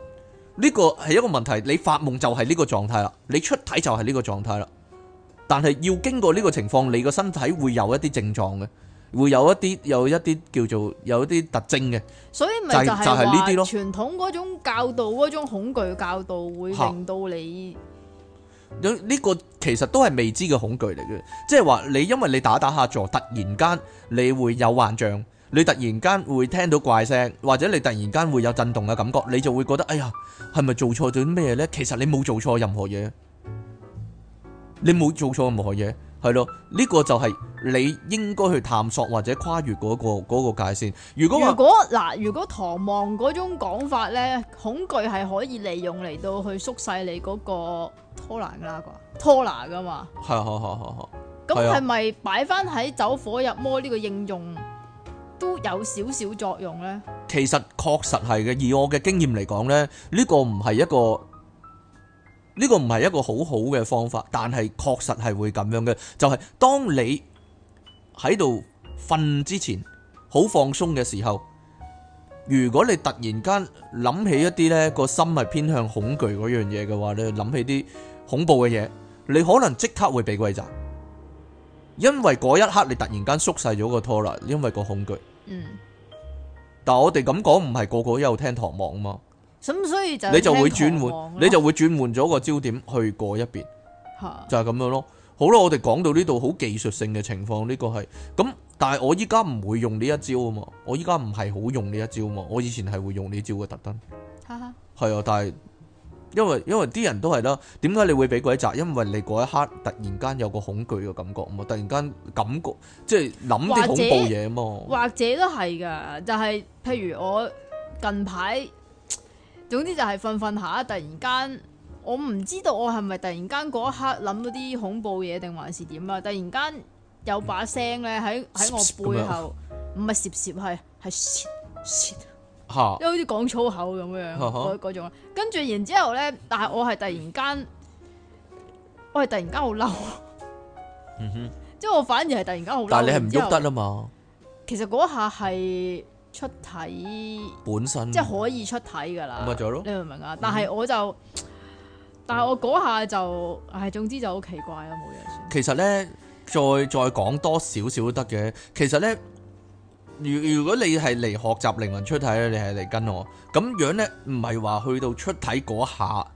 呢個係一個問題，你發夢就係呢個狀態啦，你出體就係呢個狀態啦，但係要經過呢個情況，你個身體會有一啲症狀嘅。會有一啲有一啲叫做有一啲特徵嘅，所以咪就係呢啲咯。傳統嗰種教導嗰種恐懼教導會令到你有呢、這個其實都係未知嘅恐懼嚟嘅，即係話你因為你打打下坐，突然間你會有幻象，你突然間會聽到怪聲，或者你突然間會有震動嘅感覺，你就會覺得哎呀，係咪做錯咗啲咩呢？其實你冇做錯任何嘢，你冇做錯任何嘢。係咯，呢個就係你應該去探索或者跨越嗰個嗰個界線。如果如果嗱，如果唐望嗰種講法咧，恐懼係可以利用嚟到去縮細你嗰個拖難噶，拖難噶嘛。係，係，係，係，係。咁係咪擺翻喺走火入魔呢個應用都有少少作用咧？其實確實係嘅，以我嘅經驗嚟講咧，呢個唔係一個。呢個唔係一個好好嘅方法，但係確實係會咁樣嘅。就係、是、當你喺度瞓之前好放鬆嘅時候，如果你突然間諗起一啲呢個心係偏向恐懼嗰樣嘢嘅話，你諗起啲恐怖嘅嘢，你可能即刻會被鬼責，因為嗰一刻你突然間縮細咗個拖啦，因為個恐懼。嗯、但我哋咁講唔係個個都有聽堂望嘛。咁所以就你就會轉換， 你就會轉換咗個焦點去嗰一邊， 就係咁樣咯。好啦，我哋講到呢度好技術性嘅情況，呢、呢個係咁，但係我依家唔會用呢一招啊嘛，我依家唔係好用呢一招啊嘛，我以前係會用呢招嘅特登，係啊， 但係因為因為啲人都係啦，點解你會俾鬼壓？因為你嗰一刻突然間有個恐懼嘅感覺啊嘛，突然間感覺即係諗啲恐怖嘢啊嘛，或者都係噶，就係譬如我近排。總之就係瞓瞓下，突然間我唔知道我係咪突然間嗰一刻諗到啲恐怖嘢定還是點啊！突然間有把聲咧喺喺我背後，唔係咝咝係係咝咝，即好似講粗口咁樣、啊、哈嗰種。跟住然之後咧，但係我係突然間，我係突然間好嬲，嗯、哼即係我反而係突然間好嬲。但你係唔喐得啦嘛？其實嗰下係。出體本身即係可以出體噶啦，咁咪就咯。你明唔明啊？但係我就，嗯、但係我嗰下就，唉、哎，總之就好奇怪咯，冇嘢算。其實咧，再再講多少少都得嘅。其實咧，如如果你係嚟學習靈魂出體咧，你係嚟跟我咁樣咧，唔係話去到出體嗰下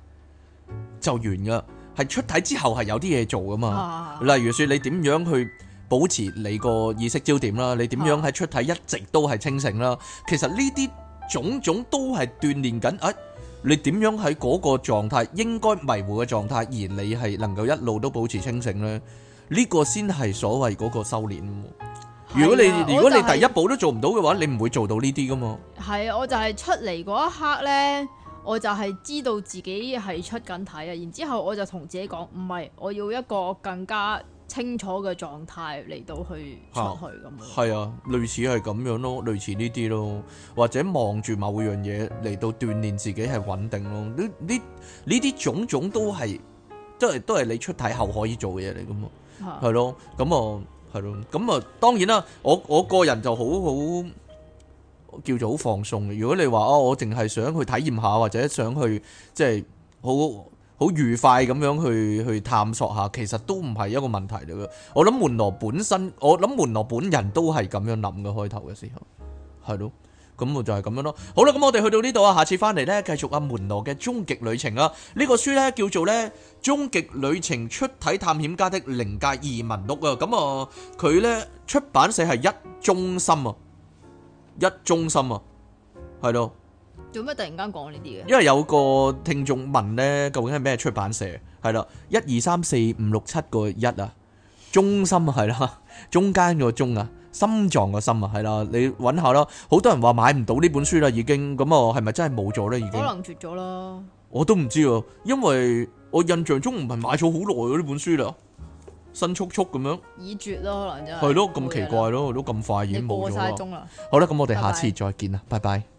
就完噶，係出體之後係有啲嘢做噶嘛。啊啊、例如說，你點樣去？保持你個意識焦點啦，你點樣喺出體一直都係清醒啦。其實呢啲種種都係鍛鍊緊，誒，你點樣喺嗰個狀態應該迷糊嘅狀態，而你係能夠一路都保持清醒呢？呢個先係所謂嗰個修煉。如果你如果你第一步都做唔到嘅話，你唔會做到呢啲㗎嘛。係，我就係出嚟嗰一刻呢，我就係知道自己係出緊體啊。然之後我就同自己講，唔係，我要一個更加。清楚嘅狀態嚟到去出去咁、啊，係啊，類似係咁樣咯，類似呢啲咯，或者望住某樣嘢嚟到鍛鍊自己係穩定咯。呢呢呢啲種種都係、嗯，都係都係你出體後可以做嘅嘢嚟噶嘛，係、啊、咯，咁啊，係咯，咁啊，當然啦，我我個人就好好叫做好放鬆嘅。如果你話啊，我淨係想去體驗下，或者想去即係、就是、好。好愉快咁樣去去探索下，其實都唔係一個問題嚟嘅。我諗門羅本身，我諗門羅本人都係咁樣諗嘅開頭嘅時候，係咯。咁我就係咁樣咯。好啦，咁我哋去到呢度啊，下次翻嚟呢，繼續阿門羅嘅終極旅程啊。呢個書呢叫做咧《終極旅程：出體探險家的靈界移民屋》啊。咁啊，佢呢出版社係一中心啊，一中心啊，係咯。做咩突然間講呢啲嘅？因為有個聽眾問咧，究竟係咩出版社？係啦，一二三四五六七個一啊，中心啊，係啦，中間個中啊，心臟個心啊，係啦，你揾下啦，好多人話買唔到呢本書啦，已經咁啊，係咪真係冇咗咧？已經可能絕咗啦。我都唔知啊，因為我印象中唔係買咗好耐嗰呢本書啦，新速速咁樣已絕咯，可能係咯，咁奇怪咯，都咁快已經冇咗。了中了。好啦，咁我哋下次再見啦，拜拜。拜拜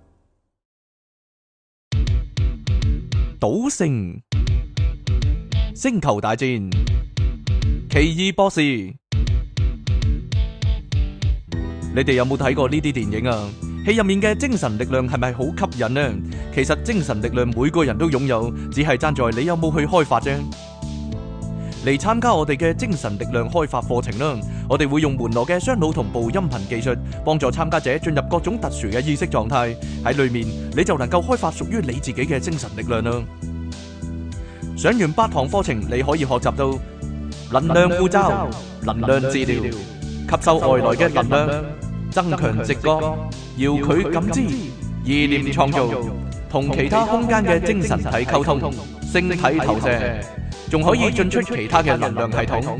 賭聖、星球大戰、奇異博士，你哋有冇睇過呢啲電影啊？戲入面嘅精神力量係咪好吸引呢？其實精神力量每個人都擁有，只係爭在你有冇去開發啫。嚟參加我哋嘅精神力量開發課程啦！我哋會用門羅嘅雙腦同步音頻技術，幫助參加者進入各種特殊嘅意識狀態。喺裏面，你就能夠開發屬於你自己嘅精神力量咯。上完八堂課程，你可以學習到能量護罩、能量治療、吸收外來嘅能量、增強直覺、遙距感知、意念創造、同其他空間嘅精神體溝通、星體投射，仲可以進出其他嘅能量系統。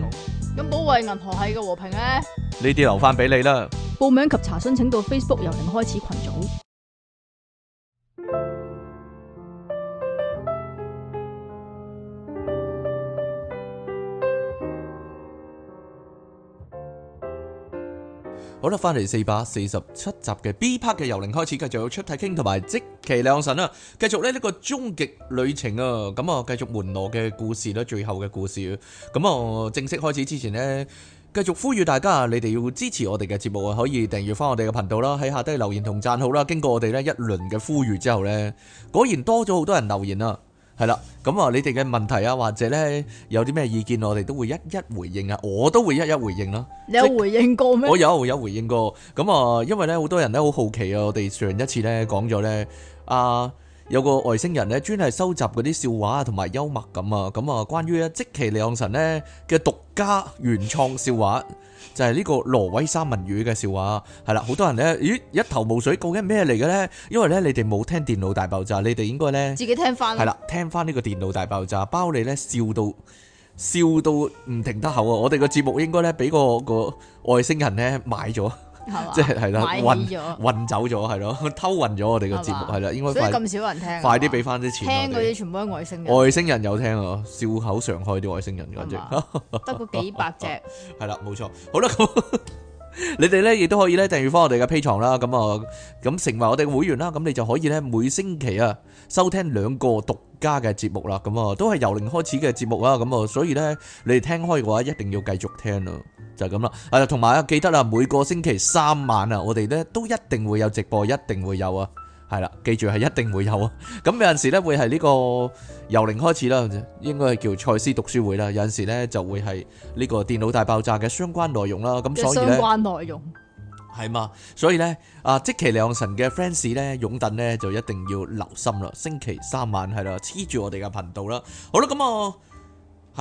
咁保衛銀河系嘅和平咧，呢啲留翻俾你啦。報名及查詢，請到 Facebook 由零開始群組。好啦，翻嚟四百四十七集嘅 B part 嘅由零開始，繼續出體傾同埋積奇兩神啊。繼續咧呢個終極旅程啊，咁啊繼續門羅嘅故事啦，最後嘅故事，咁啊正式開始之前呢，繼續呼籲大家啊，你哋要支持我哋嘅節目啊，可以訂閱翻我哋嘅頻道啦，喺下低留言同讚好啦，經過我哋呢一輪嘅呼籲之後呢，果然多咗好多人留言啊。係啦，咁啊，你哋嘅問題啊，或者呢，有啲咩意見，我哋都會一一回應啊，我都會一一回應咯。你有回應過咩？我有，有回應過，咁啊，因為呢，好多人呢，好好奇啊，我哋上一次呢，講咗呢。啊。有個外星人咧，專係收集嗰啲笑話啊，同埋幽默咁啊，咁啊，關於咧，即其兩神咧嘅獨家原創笑話，就係呢個挪威三文魚嘅笑話，係啦，好多人咧，咦，一頭霧水，究竟咩嚟嘅咧？因為咧，你哋冇聽電腦大爆炸，你哋應該咧，自己聽翻，係啦，聽翻呢個電腦大爆炸，包你咧笑到笑到唔停得口啊！我哋個節目應該咧，俾個個外星人咧買咗。即係係啦，運咗，運走咗，係咯，偷運咗我哋個節目，係啦，應該快，所以咁少人聽，快啲俾翻啲錢。聽嗰啲全部都係外星人，外星人有聽啊，笑口常開啲外星人嗰隻，得個幾百隻，係啦，冇錯。好啦，咁你哋咧亦都可以咧訂閱翻我哋嘅披牀啦，咁啊，咁成為我哋嘅會員啦，咁你就可以咧每星期啊收聽兩個讀。家嘅節目啦，咁啊都係由零開始嘅節目啊，咁啊，所以咧你哋聽開嘅話，一定要繼續聽咯，就係咁啦。啊，同埋記得啊，每個星期三晚啊，我哋咧都一定會有直播，一定會有啊，係啦，記住係一定會有啊。咁有陣時咧會係呢個由零開始啦，應該係叫賽斯讀書會啦。有陣時咧就會係呢個電腦大爆炸嘅相關內容啦。咁所以咧。係嘛？所以咧，啊，即其兩神嘅 fans 咧，擁躉咧，就一定要留心啦。星期三晚係啦，黐住我哋嘅頻道啦。好啦，咁啊。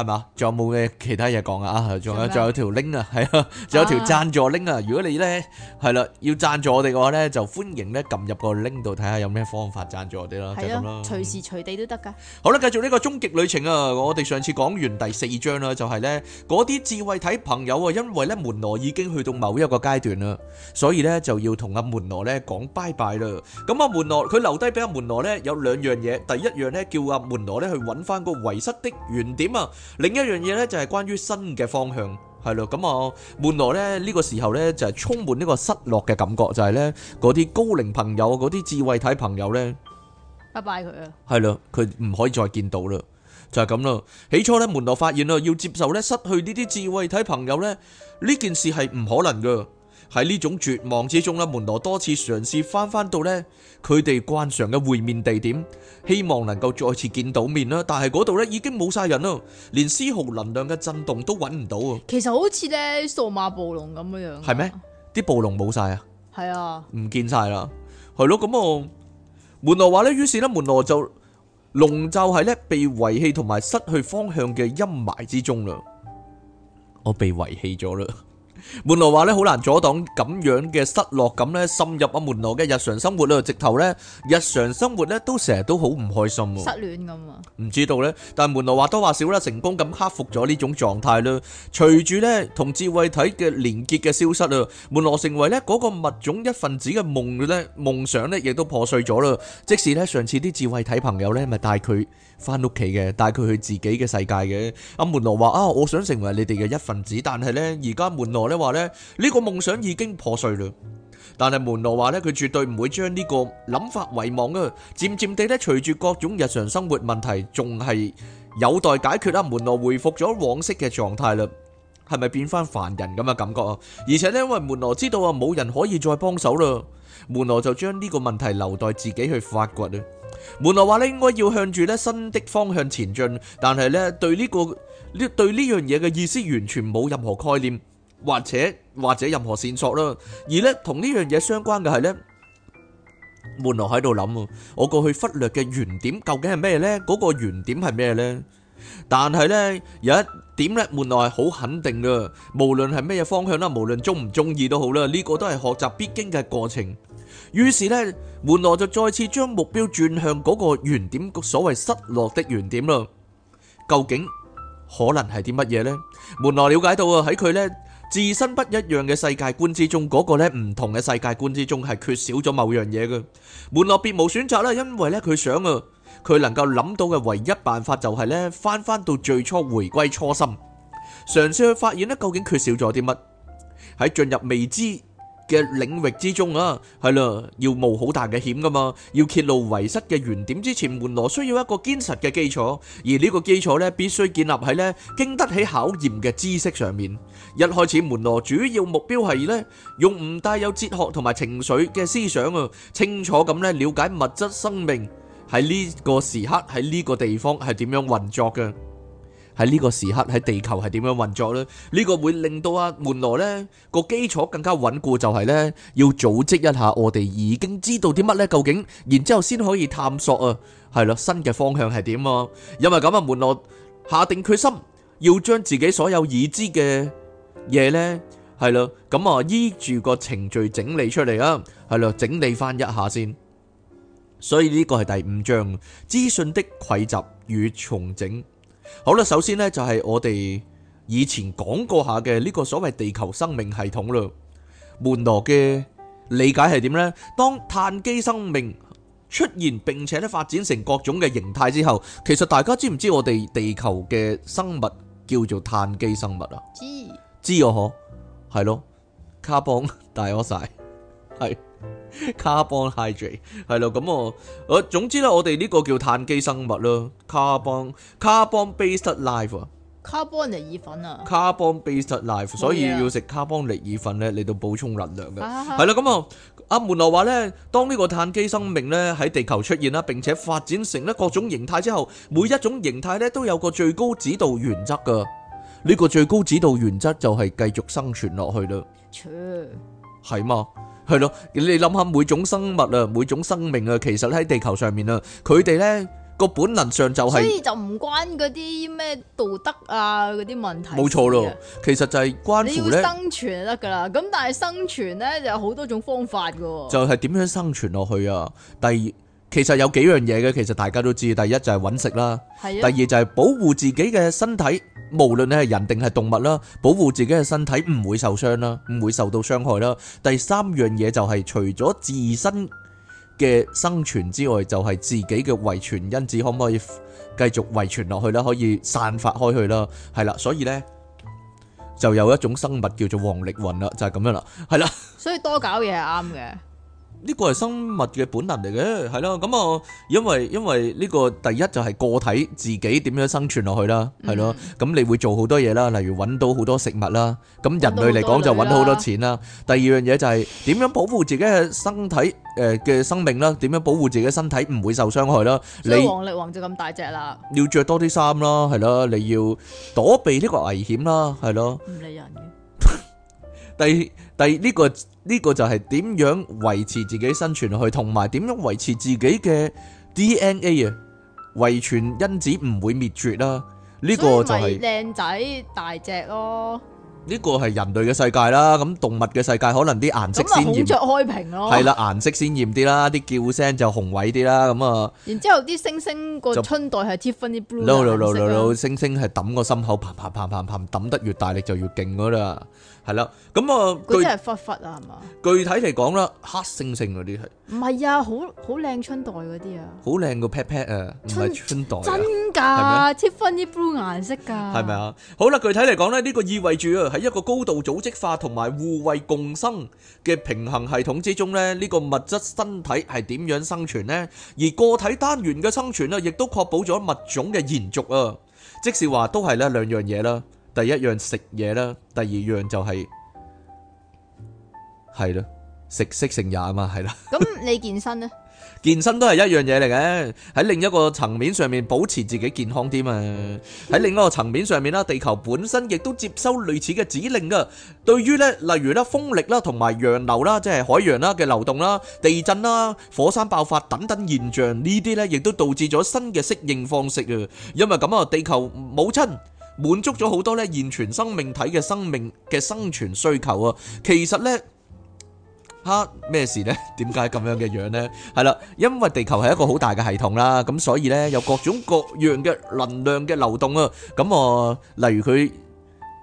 係嘛？仲有冇咩其他嘢講啊？啊，仲有仲有條 link 啊，係啊，仲有條贊助 link 啊。如果你咧係啦，要贊助我哋嘅話咧，就歡迎咧撳入個 link 度睇下有咩方法贊助我哋啦。係啊，隨時隨地都得噶。好啦，繼續呢個終極旅程啊！我哋上次講完第四章啦，就係咧嗰啲智慧體朋友啊，因為咧門羅已經去到某一個階段啦，所以咧就要同阿門羅咧講拜拜啦。咁阿門羅佢留低俾阿門羅咧有兩樣嘢，第一樣咧叫阿門羅咧去搵翻個遺失的原點啊。另一樣嘢呢，就係關於新嘅方向，係咯，咁啊門羅呢，呢個時候呢，就係充滿呢個失落嘅感覺，就係呢嗰啲高靈朋友、嗰啲智慧體朋友呢。拜拜佢啊，係咯，佢唔可以再見到啦，就係咁啦。起初呢，門羅發現啊，要接受呢失去呢啲智慧體朋友呢，呢件事係唔可能噶。喺呢種絕望之中啦，門羅多次嘗試翻翻到咧佢哋慣常嘅會面地點，希望能夠再次見到面啦。但係嗰度咧已經冇晒人咯，連絲毫能量嘅震動都揾唔到啊！其實好似咧數碼暴龍咁樣，係咩？啲暴龍冇晒啊？係啊，唔見晒啦，係咯。咁啊，門羅話咧，於是咧，門羅就籠就喺咧被遺棄同埋失去方向嘅陰霾之中啦。我被遺棄咗啦。門羅話咧，好難阻擋咁樣嘅失落感咧，滲入阿門羅嘅日常生活啦，直頭咧，日常生活咧都成日都好唔開心。失戀咁啊？唔知道咧，但係門羅話多話少啦，成功咁克服咗呢種狀態啦。隨住咧同智慧體嘅連結嘅消失啊，門羅成為咧嗰個物種一份子嘅夢咧夢想咧，亦都破碎咗啦。即使咧上次啲智慧體朋友咧，咪帶佢。翻屋企嘅，帶佢去自己嘅世界嘅。阿門羅話：啊，我想成為你哋嘅一份子，但係咧，而家門羅咧話咧，呢個夢想已經破碎啦。但係門羅話咧，佢絕對唔會將呢個諗法遺忘啊。漸漸地咧，隨住各種日常生活問題，仲係有待解決啊。門羅回復咗往昔嘅狀態嘞。係咪變翻凡人咁嘅感覺啊？而且咧，因為門羅知道啊，冇人可以再幫手啦，門羅就將呢個問題留待自己去發掘啊。門羅話咧，應該要向住咧新的方向前進，但係咧，對呢個呢對呢樣嘢嘅意思完全冇任何概念，或者或者任何線索啦。而咧，同呢樣嘢相關嘅係咧，門羅喺度諗，我過去忽略嘅原點究竟係咩咧？嗰個原點係咩咧？但係咧，有一。點咧？門羅係好肯定嘅，無論係咩方向啦，無論鍾唔鍾意都好啦，呢個都係學習必經嘅過程。於是咧，門羅就再次將目標轉向嗰個原點，所謂失落的原點啦。究竟可能係啲乜嘢呢？門羅了解到啊，喺佢咧自身不一樣嘅世界觀之中，嗰個咧唔同嘅世界觀之中係缺少咗某樣嘢嘅。門羅別無選擇啦，因為咧佢想啊。佢能夠諗到嘅唯一辦法就係咧翻翻到最初，回歸初心，嘗試去發現咧究竟缺少咗啲乜。喺進入未知嘅領域之中啊，係啦，要冒好大嘅險噶嘛。要揭露遺失嘅原點之前，門羅需要一個堅實嘅基礎，而呢個基礎咧必須建立喺咧經得起考驗嘅知識上面。一開始，門羅主要目標係咧用唔帶有哲學同埋情緒嘅思想啊，清楚咁咧了解物質生命。喺呢個時刻喺呢個地方係點樣運作嘅？喺呢個時刻喺地球係點樣運作呢？呢個會令到阿門羅呢個基礎更加穩固，就係呢：要組織一下我哋已經知道啲乜呢？究竟然之後先可以探索啊？係啦，新嘅方向係點啊？因為咁啊，門羅下定決心要將自己所有已知嘅嘢呢，係啦，咁啊依住個程序整理出嚟啊，係啦，整理翻一下先。所以呢個係第五章資訊的匯集與重整。好啦，首先呢，就係、是、我哋以前講過下嘅呢個所謂地球生命系統咯。門羅嘅理解係點呢？當碳基生命出現並且咧發展成各種嘅形態之後，其實大家知唔知我哋地球嘅生物叫做碳基生物啊？知知我嗬，係咯，卡邦大，大我晒係。Carbon hydrate 係咯，咁我我總之咧，我哋呢個叫碳基生物咯。Carbon, carbon based life，carbon 就係意粉啊。Carbon based life，的所以要食 carbon 嚟意粉咧嚟到補充能量嘅。係啦，咁啊，阿、啊嗯嗯嗯啊、門羅話咧，當呢個碳基生命咧喺地球出現啦，並且發展成咧各種形態之後，每一種形態咧都有個最高指導原則噶。呢、這個最高指導原則就係繼續生存落去啦。切嘲，係嗎？係咯，你諗下每種生物啊，每種生命啊，其實喺地球上面啊，佢哋呢個本能上就係，所以就唔關嗰啲咩道德啊嗰啲問題。冇錯咯，其實就係關乎咧。你要生存就得噶啦，咁但係生存呢就有好多種方法噶。就係點樣生存落去啊？第二，其實有幾樣嘢嘅，其實大家都知。第一就係揾食啦，第二就係保護自己嘅身體。無論你係人定係動物啦，保護自己嘅身體唔會受傷啦，唔會受到傷害啦。第三樣嘢就係除咗自身嘅生存之外，就係、是、自己嘅遺傳因子可唔可以繼續遺傳落去啦？可以散發開去啦。係啦，所以呢，就有一種生物叫做王力宏啦，就係、是、咁樣啦。係啦，所以多搞嘢係啱嘅。呢個係生物嘅本能嚟嘅，係咯，咁啊，因為因為呢個第一就係個體自己點樣生存落去啦，係咯，咁你會做好多嘢啦，例如搵到好多食物啦，咁人類嚟講就搵到好多錢啦。第二樣嘢就係點樣保護自己嘅身體誒嘅生命啦，點樣保護自己身體唔會受傷害啦。所以王力宏就咁大隻啦，你要着多啲衫啦，係咯，你要躲避呢個危險啦，係咯。唔理人嘅。第。第呢個呢個就係點樣維持自己生存落去，同埋點樣維持自己嘅 DNA 啊，遺傳因子唔會滅絕啦。呢個就係靚仔大隻咯。呢個係人類嘅世界啦，咁動物嘅世界可能啲顏色鮮艷，開屏咯。係啦，顏色鮮艷啲啦，啲叫聲就雄偉啲啦。咁啊，然之後啲猩猩個春代係貼翻啲 blue 啦，猩猩係抌個心口，嘭嘭嘭嘭嘭，抌得越大力就越勁噶啦。係啦，咁啊，嗰啲係狒狒啊，係嘛？具體嚟講啦，黑猩猩嗰啲係唔係啊？好好靚春袋嗰啲啊，好靚個 pat pat 啊，唔係春袋，真噶，Tiffany Blue 顏色噶，係咪啊？好啦，具體嚟講咧，呢個意味住喺一個高度組織化同埋互惠共生嘅平衡系統之中咧，呢個物質身體係點樣生存咧？而個體單元嘅生存啊，亦都確保咗物種嘅延續啊。即是話都係咧兩樣嘢啦。第一樣食嘢啦，第二樣就係係啦，食色性也啊嘛，係啦。咁你健身咧？健身都係一樣嘢嚟嘅，喺另一個層面上面保持自己健康啲嘛。喺另一個層面上面啦，地球本身亦都接收類似嘅指令噶。對於咧，例如啦，風力啦，同埋洋流啦，即係海洋啦嘅流動啦、地震啦、火山爆發等等現象，呢啲咧亦都導致咗新嘅適應方式啊。因為咁啊，地球母親。滿足咗好多咧現存生命體嘅生命嘅生存需求啊！其實呢，吓咩事呢？點解咁樣嘅樣呢？係啦，因為地球係一個好大嘅系統啦，咁所以呢有各種各樣嘅能量嘅流動啊！咁啊，例如佢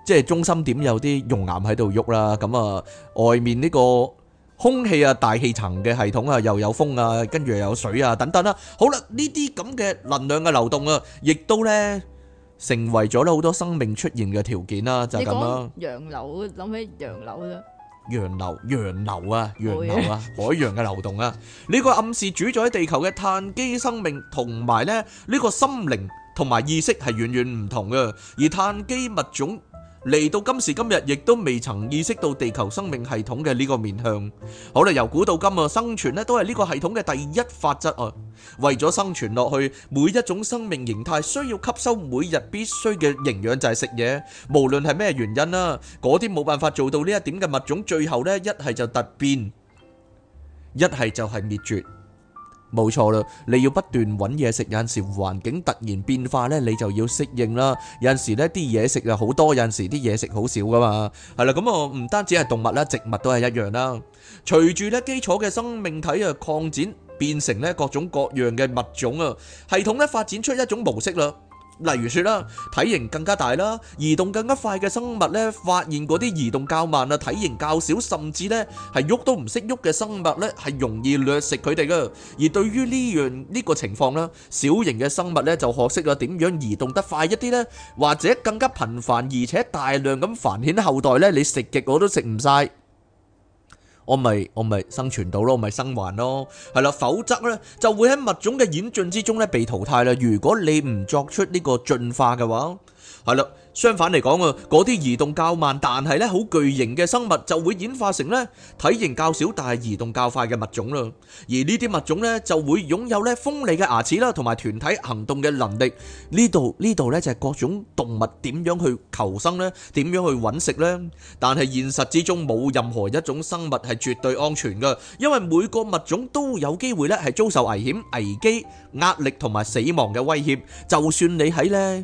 即係中心點有啲熔岩喺度喐啦，咁啊，外面呢個空氣啊、大氣層嘅系統啊，又有風啊，跟住又有水啊等等啦。好啦，呢啲咁嘅能量嘅流動啊，亦都呢。成為咗咧好多生命出現嘅條件啦，就咁、是、啦。洋流，諗起洋流啦，洋流洋流啊，洋流啊， 海洋嘅流動啊，呢、這個暗示主宰地球嘅碳基生命同埋咧呢、這個心靈同埋意識係遠遠唔同嘅，而碳基物種。嚟到今時今日，亦都未曾意識到地球生命系統嘅呢個面向。好啦，由古到今啊，生存呢都係呢個系統嘅第一法則啊。為咗生存落去，每一種生命形態需要吸收每日必須嘅營養，就係食嘢。無論係咩原因啦，嗰啲冇辦法做到呢一點嘅物種，最後呢一係就突變，一係就係滅絕。冇錯啦，你要不斷揾嘢食，有陣時環境突然變化呢，你就要適應啦。有陣時呢啲嘢食就好多，有陣時啲嘢食好少噶嘛。係啦，咁啊唔單止係動物啦，植物都係一樣啦。隨住呢基礎嘅生命體啊擴展，變成呢各種各樣嘅物種啊，系統呢發展出一種模式啦。例如說啦，體型更加大啦，移動更加快嘅生物呢，發現嗰啲移動較慢啊，體型較小，甚至呢係喐都唔識喐嘅生物呢，係容易掠食佢哋噶。而對於呢樣呢個情況啦，小型嘅生物呢，就學識咗點樣移動得快一啲呢，或者更加頻繁而且大量咁繁衍後代呢，你食極我都食唔晒。我咪我咪生存到咯，我咪生還咯，係啦，否則咧就會喺物種嘅演進之中咧被淘汰啦。如果你唔作出呢個進化嘅話，係啦。相反嚟講啊，嗰啲移動較慢，但係咧好巨型嘅生物就會演化成咧體型較小但係移動較快嘅物種啦。而呢啲物種咧就會擁有咧鋒利嘅牙齒啦，同埋團體行動嘅能力。呢度呢度咧就係各種動物點樣去求生咧，點樣去揾食咧。但係現實之中冇任何一種生物係絕對安全㗎，因為每個物種都有機會咧係遭受危險、危機、壓力同埋死亡嘅威脅。就算你喺咧。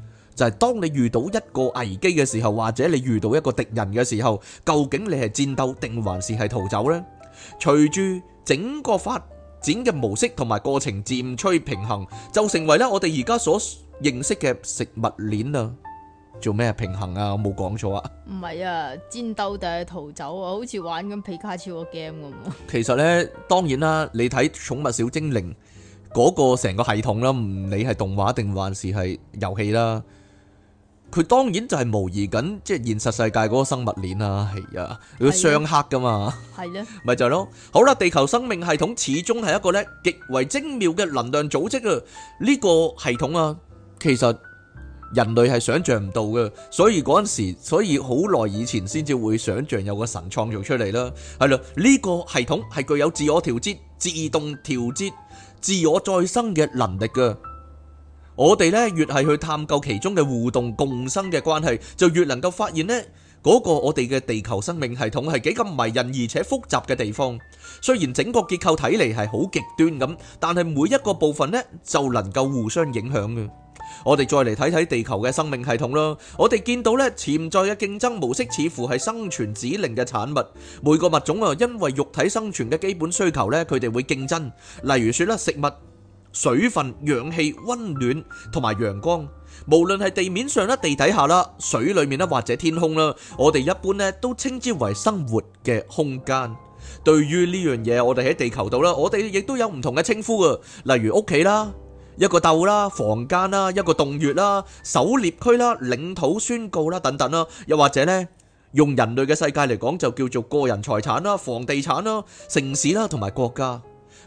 就係當你遇到一個危機嘅時候，或者你遇到一個敵人嘅時候，究竟你係戰鬥定還是係逃走呢？隨住整個發展嘅模式同埋過程漸趨平衡，就成為咧我哋而家所認識嘅食物鏈啦。做咩平衡啊？我冇講錯啊？唔係啊，戰鬥定係逃走啊？好似玩緊皮卡超個 game 咁。其實呢，當然啦，你睇寵物小精靈嗰個成個系統啦，唔理係動畫定還是係遊戲啦。佢當然就係模擬緊即係現實世界嗰個生物鏈啊，係啊，佢相剋噶嘛，係咯的，咪 就係咯。好啦，地球生命系統始終係一個呢極為精妙嘅能量組織啊。呢個系統啊，其實人類係想像唔到嘅，所以嗰陣時，所以好耐以前先至會想像有個神創造出嚟啦，係啦，呢個系統係具有自我調節、自動調節、自我再生嘅能力㗎。我哋呢越係去探究其中嘅互動共生嘅關係，就越能夠發現呢嗰個我哋嘅地球生命系統係幾咁迷人而且複雜嘅地方。雖然整個結構睇嚟係好極端咁，但係每一個部分呢就能夠互相影響嘅。我哋再嚟睇睇地球嘅生命系統啦。我哋見到呢潛在嘅競爭模式似乎係生存指令嘅產物。每個物種啊，因為肉體生存嘅基本需求呢，佢哋會競爭。例如說啦，食物。水分、氧氣、溫暖同埋陽光，無論係地面上啦、地底下啦、水裡面啦或者天空啦，我哋一般咧都稱之為生活嘅空間。對於呢樣嘢，我哋喺地球度啦，我哋亦都有唔同嘅稱呼啊，例如屋企啦、一個竇啦、房間啦、一個洞穴啦、狩獵區啦、領土宣告啦等等啦，又或者咧用人類嘅世界嚟講，就叫做個人財產啦、房地產啦、城市啦同埋國家。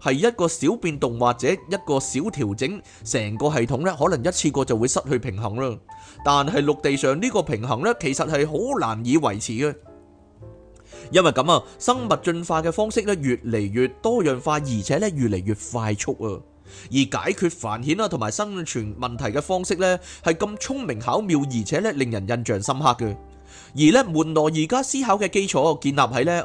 係一個小變動或者一個小調整，成個系統咧可能一次過就會失去平衡啦。但係陸地上呢個平衡咧，其實係好難以維持嘅，因為咁啊，生物進化嘅方式咧越嚟越多樣化，而且咧越嚟越快速啊。而解決繁衍啊同埋生存問題嘅方式咧，係咁聰明巧妙，而且咧令人印象深刻嘅。而咧，門羅而家思考嘅基礎建立喺咧。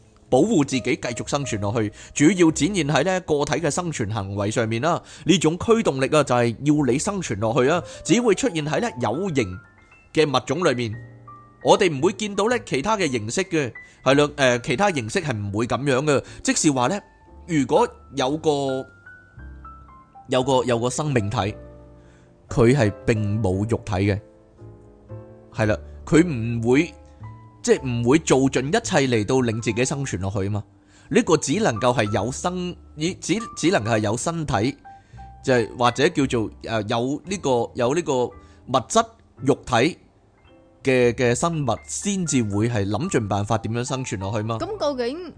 保護自己繼續生存落去，主要展現喺呢個體嘅生存行為上面啦。呢種驅動力啊，就係要你生存落去啊，只會出現喺呢有形嘅物種裏面。我哋唔會見到呢其他嘅形式嘅，係啦誒，其他形式係唔會咁樣嘅。即是話呢，如果有個有個有個生命體，佢係並冇肉體嘅，係啦，佢唔會。即係唔會做盡一切嚟到令自己生存落去嘛？呢個只能夠係有身以只只能夠係有身體，就或者叫做誒，有呢個有呢個物質肉體嘅嘅生物，先至會係諗盡辦法點樣生存落去嘛？咁究竟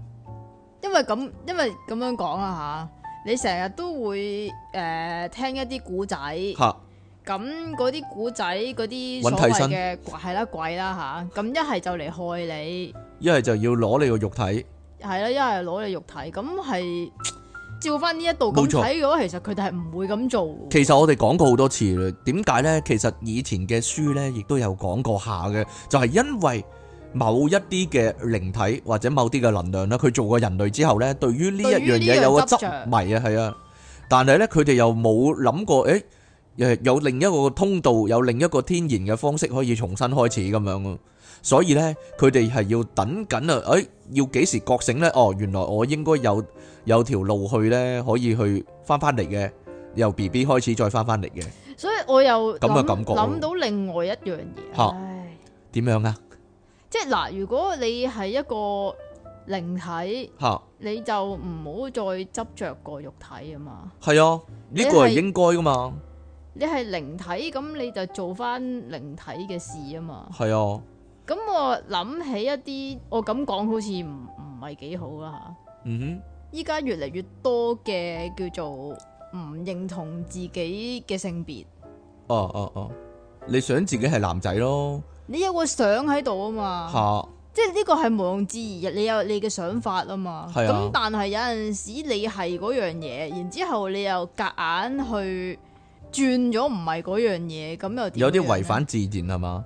因為咁因為咁樣講啊吓，你成日都會誒聽一啲古仔吓。咁嗰啲古仔，嗰啲所謂嘅係啦鬼啦吓，咁一係就嚟害你，一係就要攞你個肉體，係啦，一係攞你肉體，咁係照翻呢一度咁睇嘅話，其實佢哋係唔會咁做。其實我哋講過好多次嘞，點解咧？其實以前嘅書咧，亦都有講過下嘅，就係因為某一啲嘅靈體或者某啲嘅能量咧，佢做過人類之後咧，對於呢一樣嘢有個執迷啊，係啊，但係咧佢哋又冇諗過誒。誒，有另一個通道，有另一個天然嘅方式可以重新開始咁樣咯。所以咧，佢哋係要等緊啊！誒，要幾時覺醒咧？哦，原來我應該有有條路去咧，可以去翻翻嚟嘅，由 BB 開始再翻翻嚟嘅。所以我又咁嘅感覺諗諗到另外一樣嘢。吓，點樣啊？即係嗱，如果你係一個靈體，吓，你就唔好再執着個肉體啊嘛。係啊，呢個係應該噶嘛。你係靈體咁，你就做翻靈體嘅事啊嘛。係啊。咁我諗起一啲，我咁講好似唔唔係幾好啊吓。嗯哼。依家越嚟越多嘅叫做唔認同自己嘅性別。哦哦哦，你想自己係男仔咯？你有個想喺度啊嘛。吓哈。即係呢個係毋庸置疑，你有你嘅想法啊嘛。係啊。咁但係有陣時你係嗰樣嘢，然之後你又夾硬去。轉咗唔係嗰樣嘢，咁又點？有啲違反自然係嘛？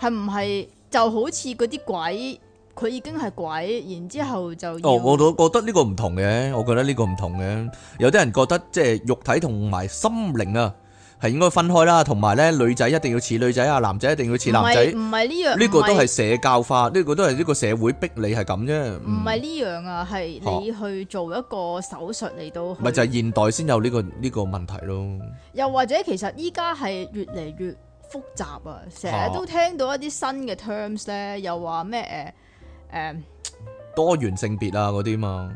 係唔係就好似嗰啲鬼，佢已經係鬼，然之後就……哦，我都覺得呢個唔同嘅，我覺得呢個唔同嘅，有啲人覺得即係、就是、肉體同埋心靈啊。係應該分開啦，同埋咧，女仔一定要似女仔啊，男仔一定要似男仔。唔係呢樣，呢個都係社交化，呢個都係呢個社會逼你係咁啫。唔係呢樣啊，係你去做一個手術嚟，唔咪就係現代先有呢個呢個問題咯。又或者其實依家係越嚟越複雜啊，成日都聽到一啲新嘅 terms 咧，又話咩誒誒多元性別啊嗰啲嘛。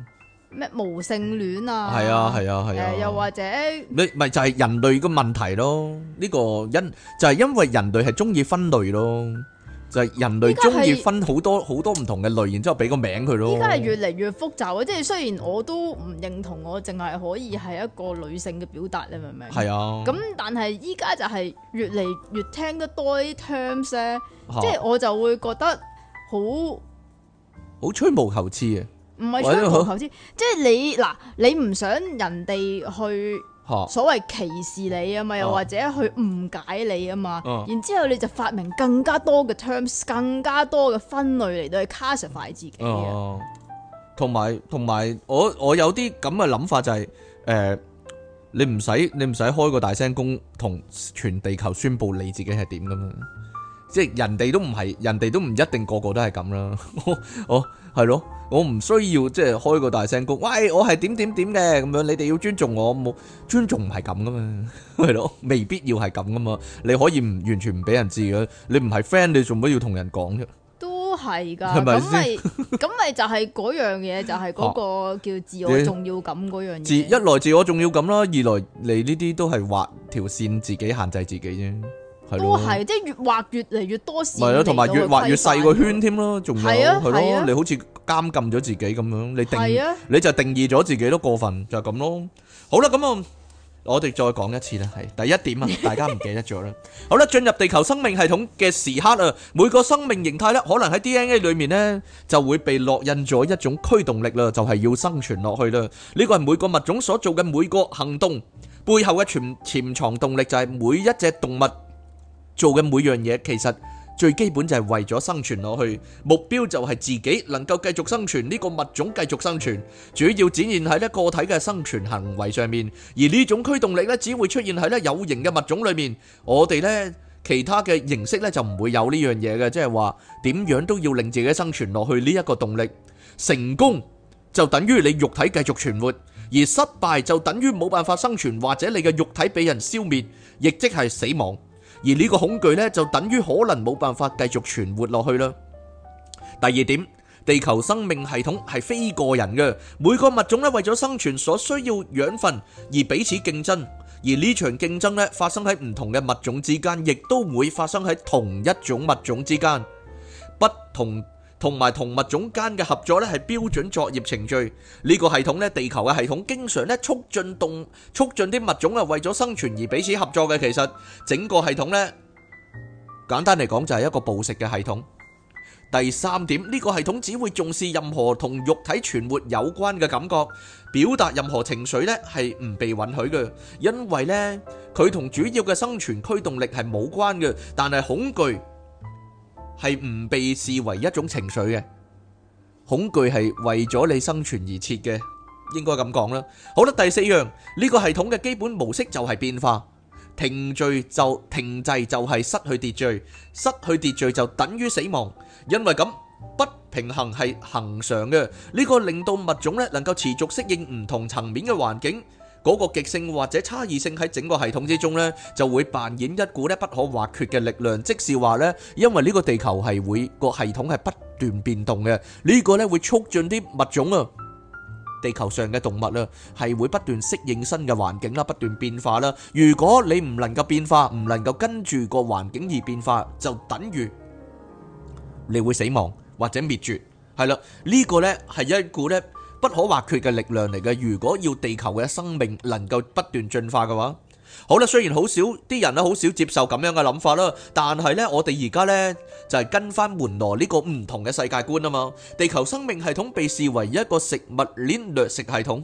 咩無性戀啊？係啊係啊係啊！又或者你咪就係人類嘅問題咯？呢個因就係因為人類係中意分類咯，就係人類中意分好多好多唔同嘅類，然之後俾個名佢咯。依家係越嚟越複雜啊！即係雖然我都唔認同，我淨係可以係一個女性嘅表達，你明唔明？係啊。咁但係依家就係越嚟越聽得多啲 terms 咧，即係我就會覺得好好吹毛求疵嘅。唔係想重投資，喂即係你嗱，你唔想人哋去所謂歧視你啊嘛，又或者去誤解你啊嘛，然之後你就發明更加多嘅 terms，更加多嘅分類嚟到去 classify 自己啊。同埋同埋，我我有啲咁嘅諗法就係、是，誒、呃，你唔使你唔使開個大聲公，同全地球宣布你自己係點噶嘛。即係人哋都唔係，人哋都唔一定個個都係咁啦。我我係咯，我唔需要即係開個大聲公。喂，我係點點點嘅咁樣，你哋要尊重我冇？尊重唔係咁噶嘛，係咯，未必要係咁噶嘛。你可以唔完全唔俾人知嘅。你唔係 friend，你做乜要同人講啫？都係㗎，係咪？咁咪咁咪就係嗰樣嘢，就係嗰個叫自我重要感嗰樣嘢。自一來自我重要感啦，二來你呢啲都係畫條線，自己限制自己啫。都係，即係越畫越嚟，越多事，係咯，同埋越畫越細個圈添咯，仲係啊，係咯，你好似監禁咗自己咁樣，你定你就定義咗自己都過分，就係咁咯。好啦，咁我我哋再講一次啦，係第一點啊，大家唔記得咗啦。好啦，進入地球生命系統嘅時刻啊，每個生命形態咧，可能喺 DNA 裏面咧就會被烙印咗一種驅動力啦，就係要生存落去啦。呢個係每個物種所做嘅每個行動背後嘅潛潛藏動力，就係每一隻動物。做嘅每樣嘢，其實最基本就係為咗生存落去，目標就係自己能夠繼續生存，呢個物種繼續生存，主要展現喺呢個體嘅生存行為上面。而呢種驅動力呢，只會出現喺呢有形嘅物種裏面。我哋呢，其他嘅形式呢就唔會有呢樣嘢嘅，即係話點樣都要令自己生存落去呢一個動力。成功就等於你肉體繼續存活，而失敗就等於冇辦法生存，或者你嘅肉體俾人消滅，亦即係死亡。而呢個恐懼呢，就等於可能冇辦法繼續存活落去啦。第二點，地球生命系統係非個人嘅，每個物種咧為咗生存所需要養分而彼此競爭，而呢場競爭呢，發生喺唔同嘅物種之間，亦都會發生喺同一種物種之間，不同。同埋同物種間嘅合作咧係標準作業程序呢個系統咧地球嘅系統經常咧促進動促進啲物種啊為咗生存而彼此合作嘅其實整個系統咧簡單嚟講就係一個暴食嘅系統第三點呢個系統只會重視任何同肉體存活有關嘅感覺表達任何情緒咧係唔被允許嘅因為咧佢同主要嘅生存驅動力係冇關嘅但係恐懼。係唔被視為一種情緒嘅恐懼，係為咗你生存而設嘅，應該咁講啦。好啦，第四樣呢個系統嘅基本模式就係變化，停聚就停滯就係失去秩序，失去秩序就等於死亡。因為咁不平衡係恒常嘅，呢個令到物種咧能夠持續適應唔同層面嘅環境。嗰個極性或者差異性喺整個系統之中咧，就會扮演一股咧不可或缺嘅力量。即是話咧，因為呢個地球係會個系統係不斷變動嘅，呢個咧會促進啲物種啊，地球上嘅動物啊，係會不斷適應新嘅環境啦，不斷變化啦。如果你唔能夠變化，唔能夠跟住個環境而變化，就等於你會死亡或者滅絕。係啦，呢個咧係一股咧，不可或缺嘅力量嚟嘅。如果要地球嘅生命能夠不斷進化嘅話，好啦，雖然好少啲人咧，好少接受咁樣嘅諗法啦，但係咧，我哋而家咧就係跟翻門羅呢個唔同嘅世界觀啊嘛。地球生命系統被視為一個食物鏈掠食系統，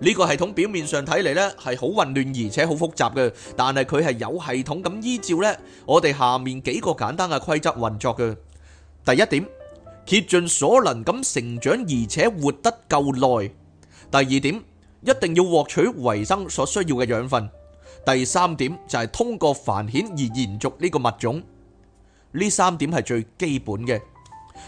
呢個系統表面上睇嚟咧係好混亂而且好複雜嘅，但係佢係有系統咁依照咧我哋下面幾個簡單嘅規則運作嘅。第一點。竭盡所能咁成長，而且活得夠耐。第二點，一定要獲取維生所需要嘅養分。第三點就係通過繁衍而延續呢個物種。呢三點係最基本嘅。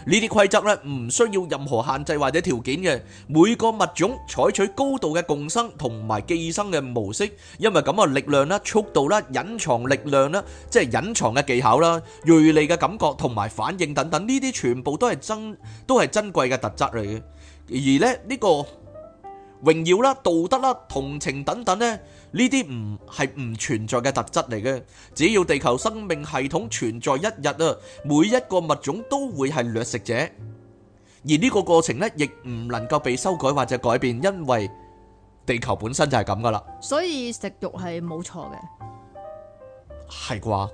呢啲規則咧，唔需要任何限制或者條件嘅。每個物種採取高度嘅共生同埋寄生嘅模式，因為咁嘅力量啦、速度啦、隱藏力量啦、即係隱藏嘅技巧啦、銳利嘅感覺同埋反應等等，呢啲全部都係珍都係珍貴嘅特質嚟嘅。而咧呢個榮耀啦、道德啦、同情等等咧。呢啲唔係唔存在嘅特質嚟嘅，只要地球生命系統存在一日啊，每一個物種都會係掠食者，而呢個過程呢亦唔能夠被修改或者改變，因為地球本身就係咁噶啦。所以食肉係冇錯嘅，係啩？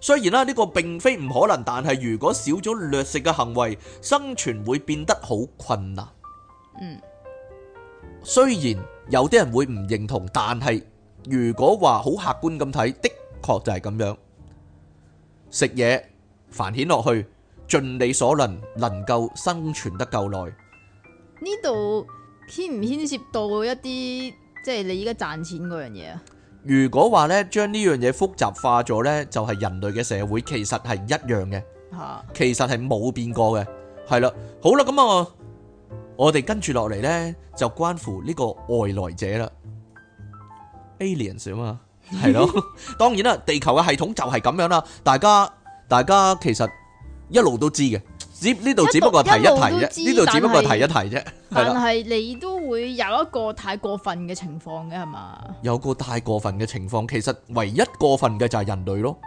雖然啦，呢個並非唔可能，但係如果少咗掠食嘅行為，生存會變得好困難。嗯，雖然有啲人會唔認同，但係。如果話好客觀咁睇，的確就係咁樣，食嘢繁衍落去，盡你所能能夠生存得夠耐。呢度牽唔牽涉到一啲即係你而家賺錢嗰樣嘢啊？如果話咧，將呢樣嘢複雜化咗咧，就係人類嘅社會，其實係一樣嘅，吓，其實係冇變過嘅，係啦，好啦，咁啊，我我哋跟住落嚟咧，就關乎呢個外來者啦。aliens 啊嘛，係咯，當然啦，地球嘅系統就係咁樣啦。大家大家其實一路都知嘅，只呢度只不過係提一提啫，呢度只不過係提一提啫。但係你都會有一個太過分嘅情況嘅係嘛？有個太過分嘅情況，其實唯一過分嘅就係人類咯，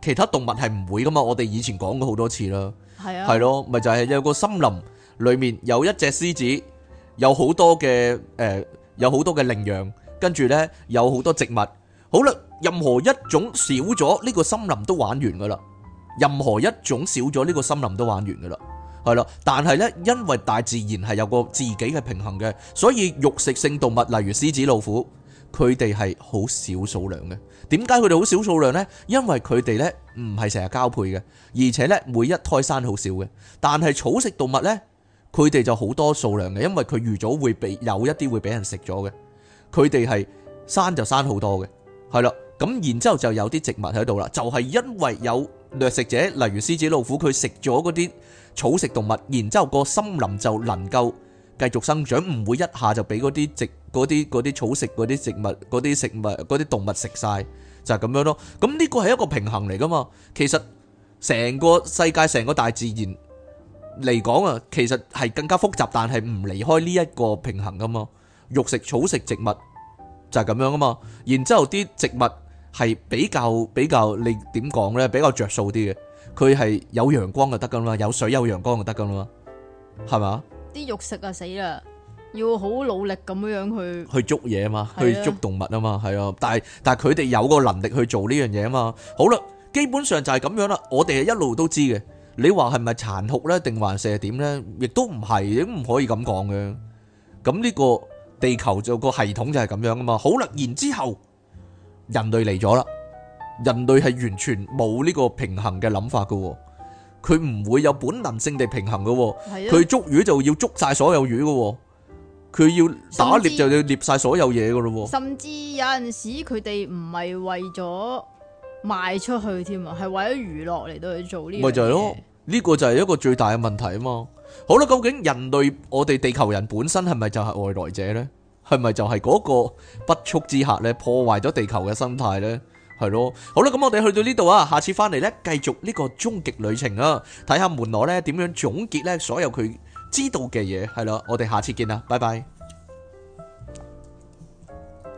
其他動物係唔會噶嘛。我哋以前講過好多次啦，係啊，係咯，咪就係有個森林裏面有一隻獅子，有好多嘅誒，有好多嘅羚羊。跟住呢，有好多植物。好啦，任何一種少咗，呢個森林都玩完噶啦。任何一種少咗，呢個森林都玩完噶啦。係啦，但係呢，因為大自然係有個自己嘅平衡嘅，所以肉食性動物，例如獅子、老虎，佢哋係好少數量嘅。點解佢哋好少數量呢？因為佢哋呢唔係成日交配嘅，而且呢每一胎生好少嘅。但係草食動物呢，佢哋就好多數量嘅，因為佢預早會被有一啲會俾人食咗嘅。佢哋係生就生好多嘅，係啦，咁然之後就有啲植物喺度啦，就係因為有掠食者，例如獅子、老虎，佢食咗嗰啲草食動物，然之後個森林就能夠繼續生長，唔會一下就俾嗰啲植、嗰啲、嗰啲草食、嗰啲植物、嗰啲食物、嗰啲動物食晒，就係咁樣咯。咁呢個係一個平衡嚟㗎嘛？其實成個世界、成個大自然嚟講啊，其實係更加複雜，但係唔離開呢一個平衡㗎嘛。肉食、草食植物就係咁樣啊嘛，然之後啲植物係比較比較你點講咧，比較着數啲嘅，佢係有陽光就得噶啦嘛，有水有陽光就得噶啦嘛，係嘛？啲肉食啊死啦，要好努力咁樣去去捉嘢啊嘛，去捉動物啊嘛，係啊，但係但係佢哋有個能力去做呢樣嘢啊嘛，好啦，基本上就係咁樣啦，我哋係一路都知嘅，你話係咪殘酷咧，定還是點咧，亦都唔係，都唔可以咁講嘅，咁呢個。地球做個系統就係咁樣噶嘛，好啦，然之後人類嚟咗啦，人類係完全冇呢個平衡嘅諗法噶，佢唔會有本能性地平衡噶，佢的捉魚就要捉晒所有魚噶，佢要打獵就要獵晒所有嘢噶咯，甚至有陣時佢哋唔係為咗賣出去添啊，係為咗娛樂嚟到去做呢樣嘢，咪就係咯，呢個就係一個最大嘅問題啊嘛。好啦，究竟人類我哋地球人本身係咪就係外來者呢？係咪就係嗰個不速之客呢？破壞咗地球嘅生態呢？係咯，好啦，咁我哋去到呢度啊，下次翻嚟呢，繼續呢個終極旅程啊，睇下門羅呢點樣總結呢所有佢知道嘅嘢，係咯，我哋下次見啦，拜拜。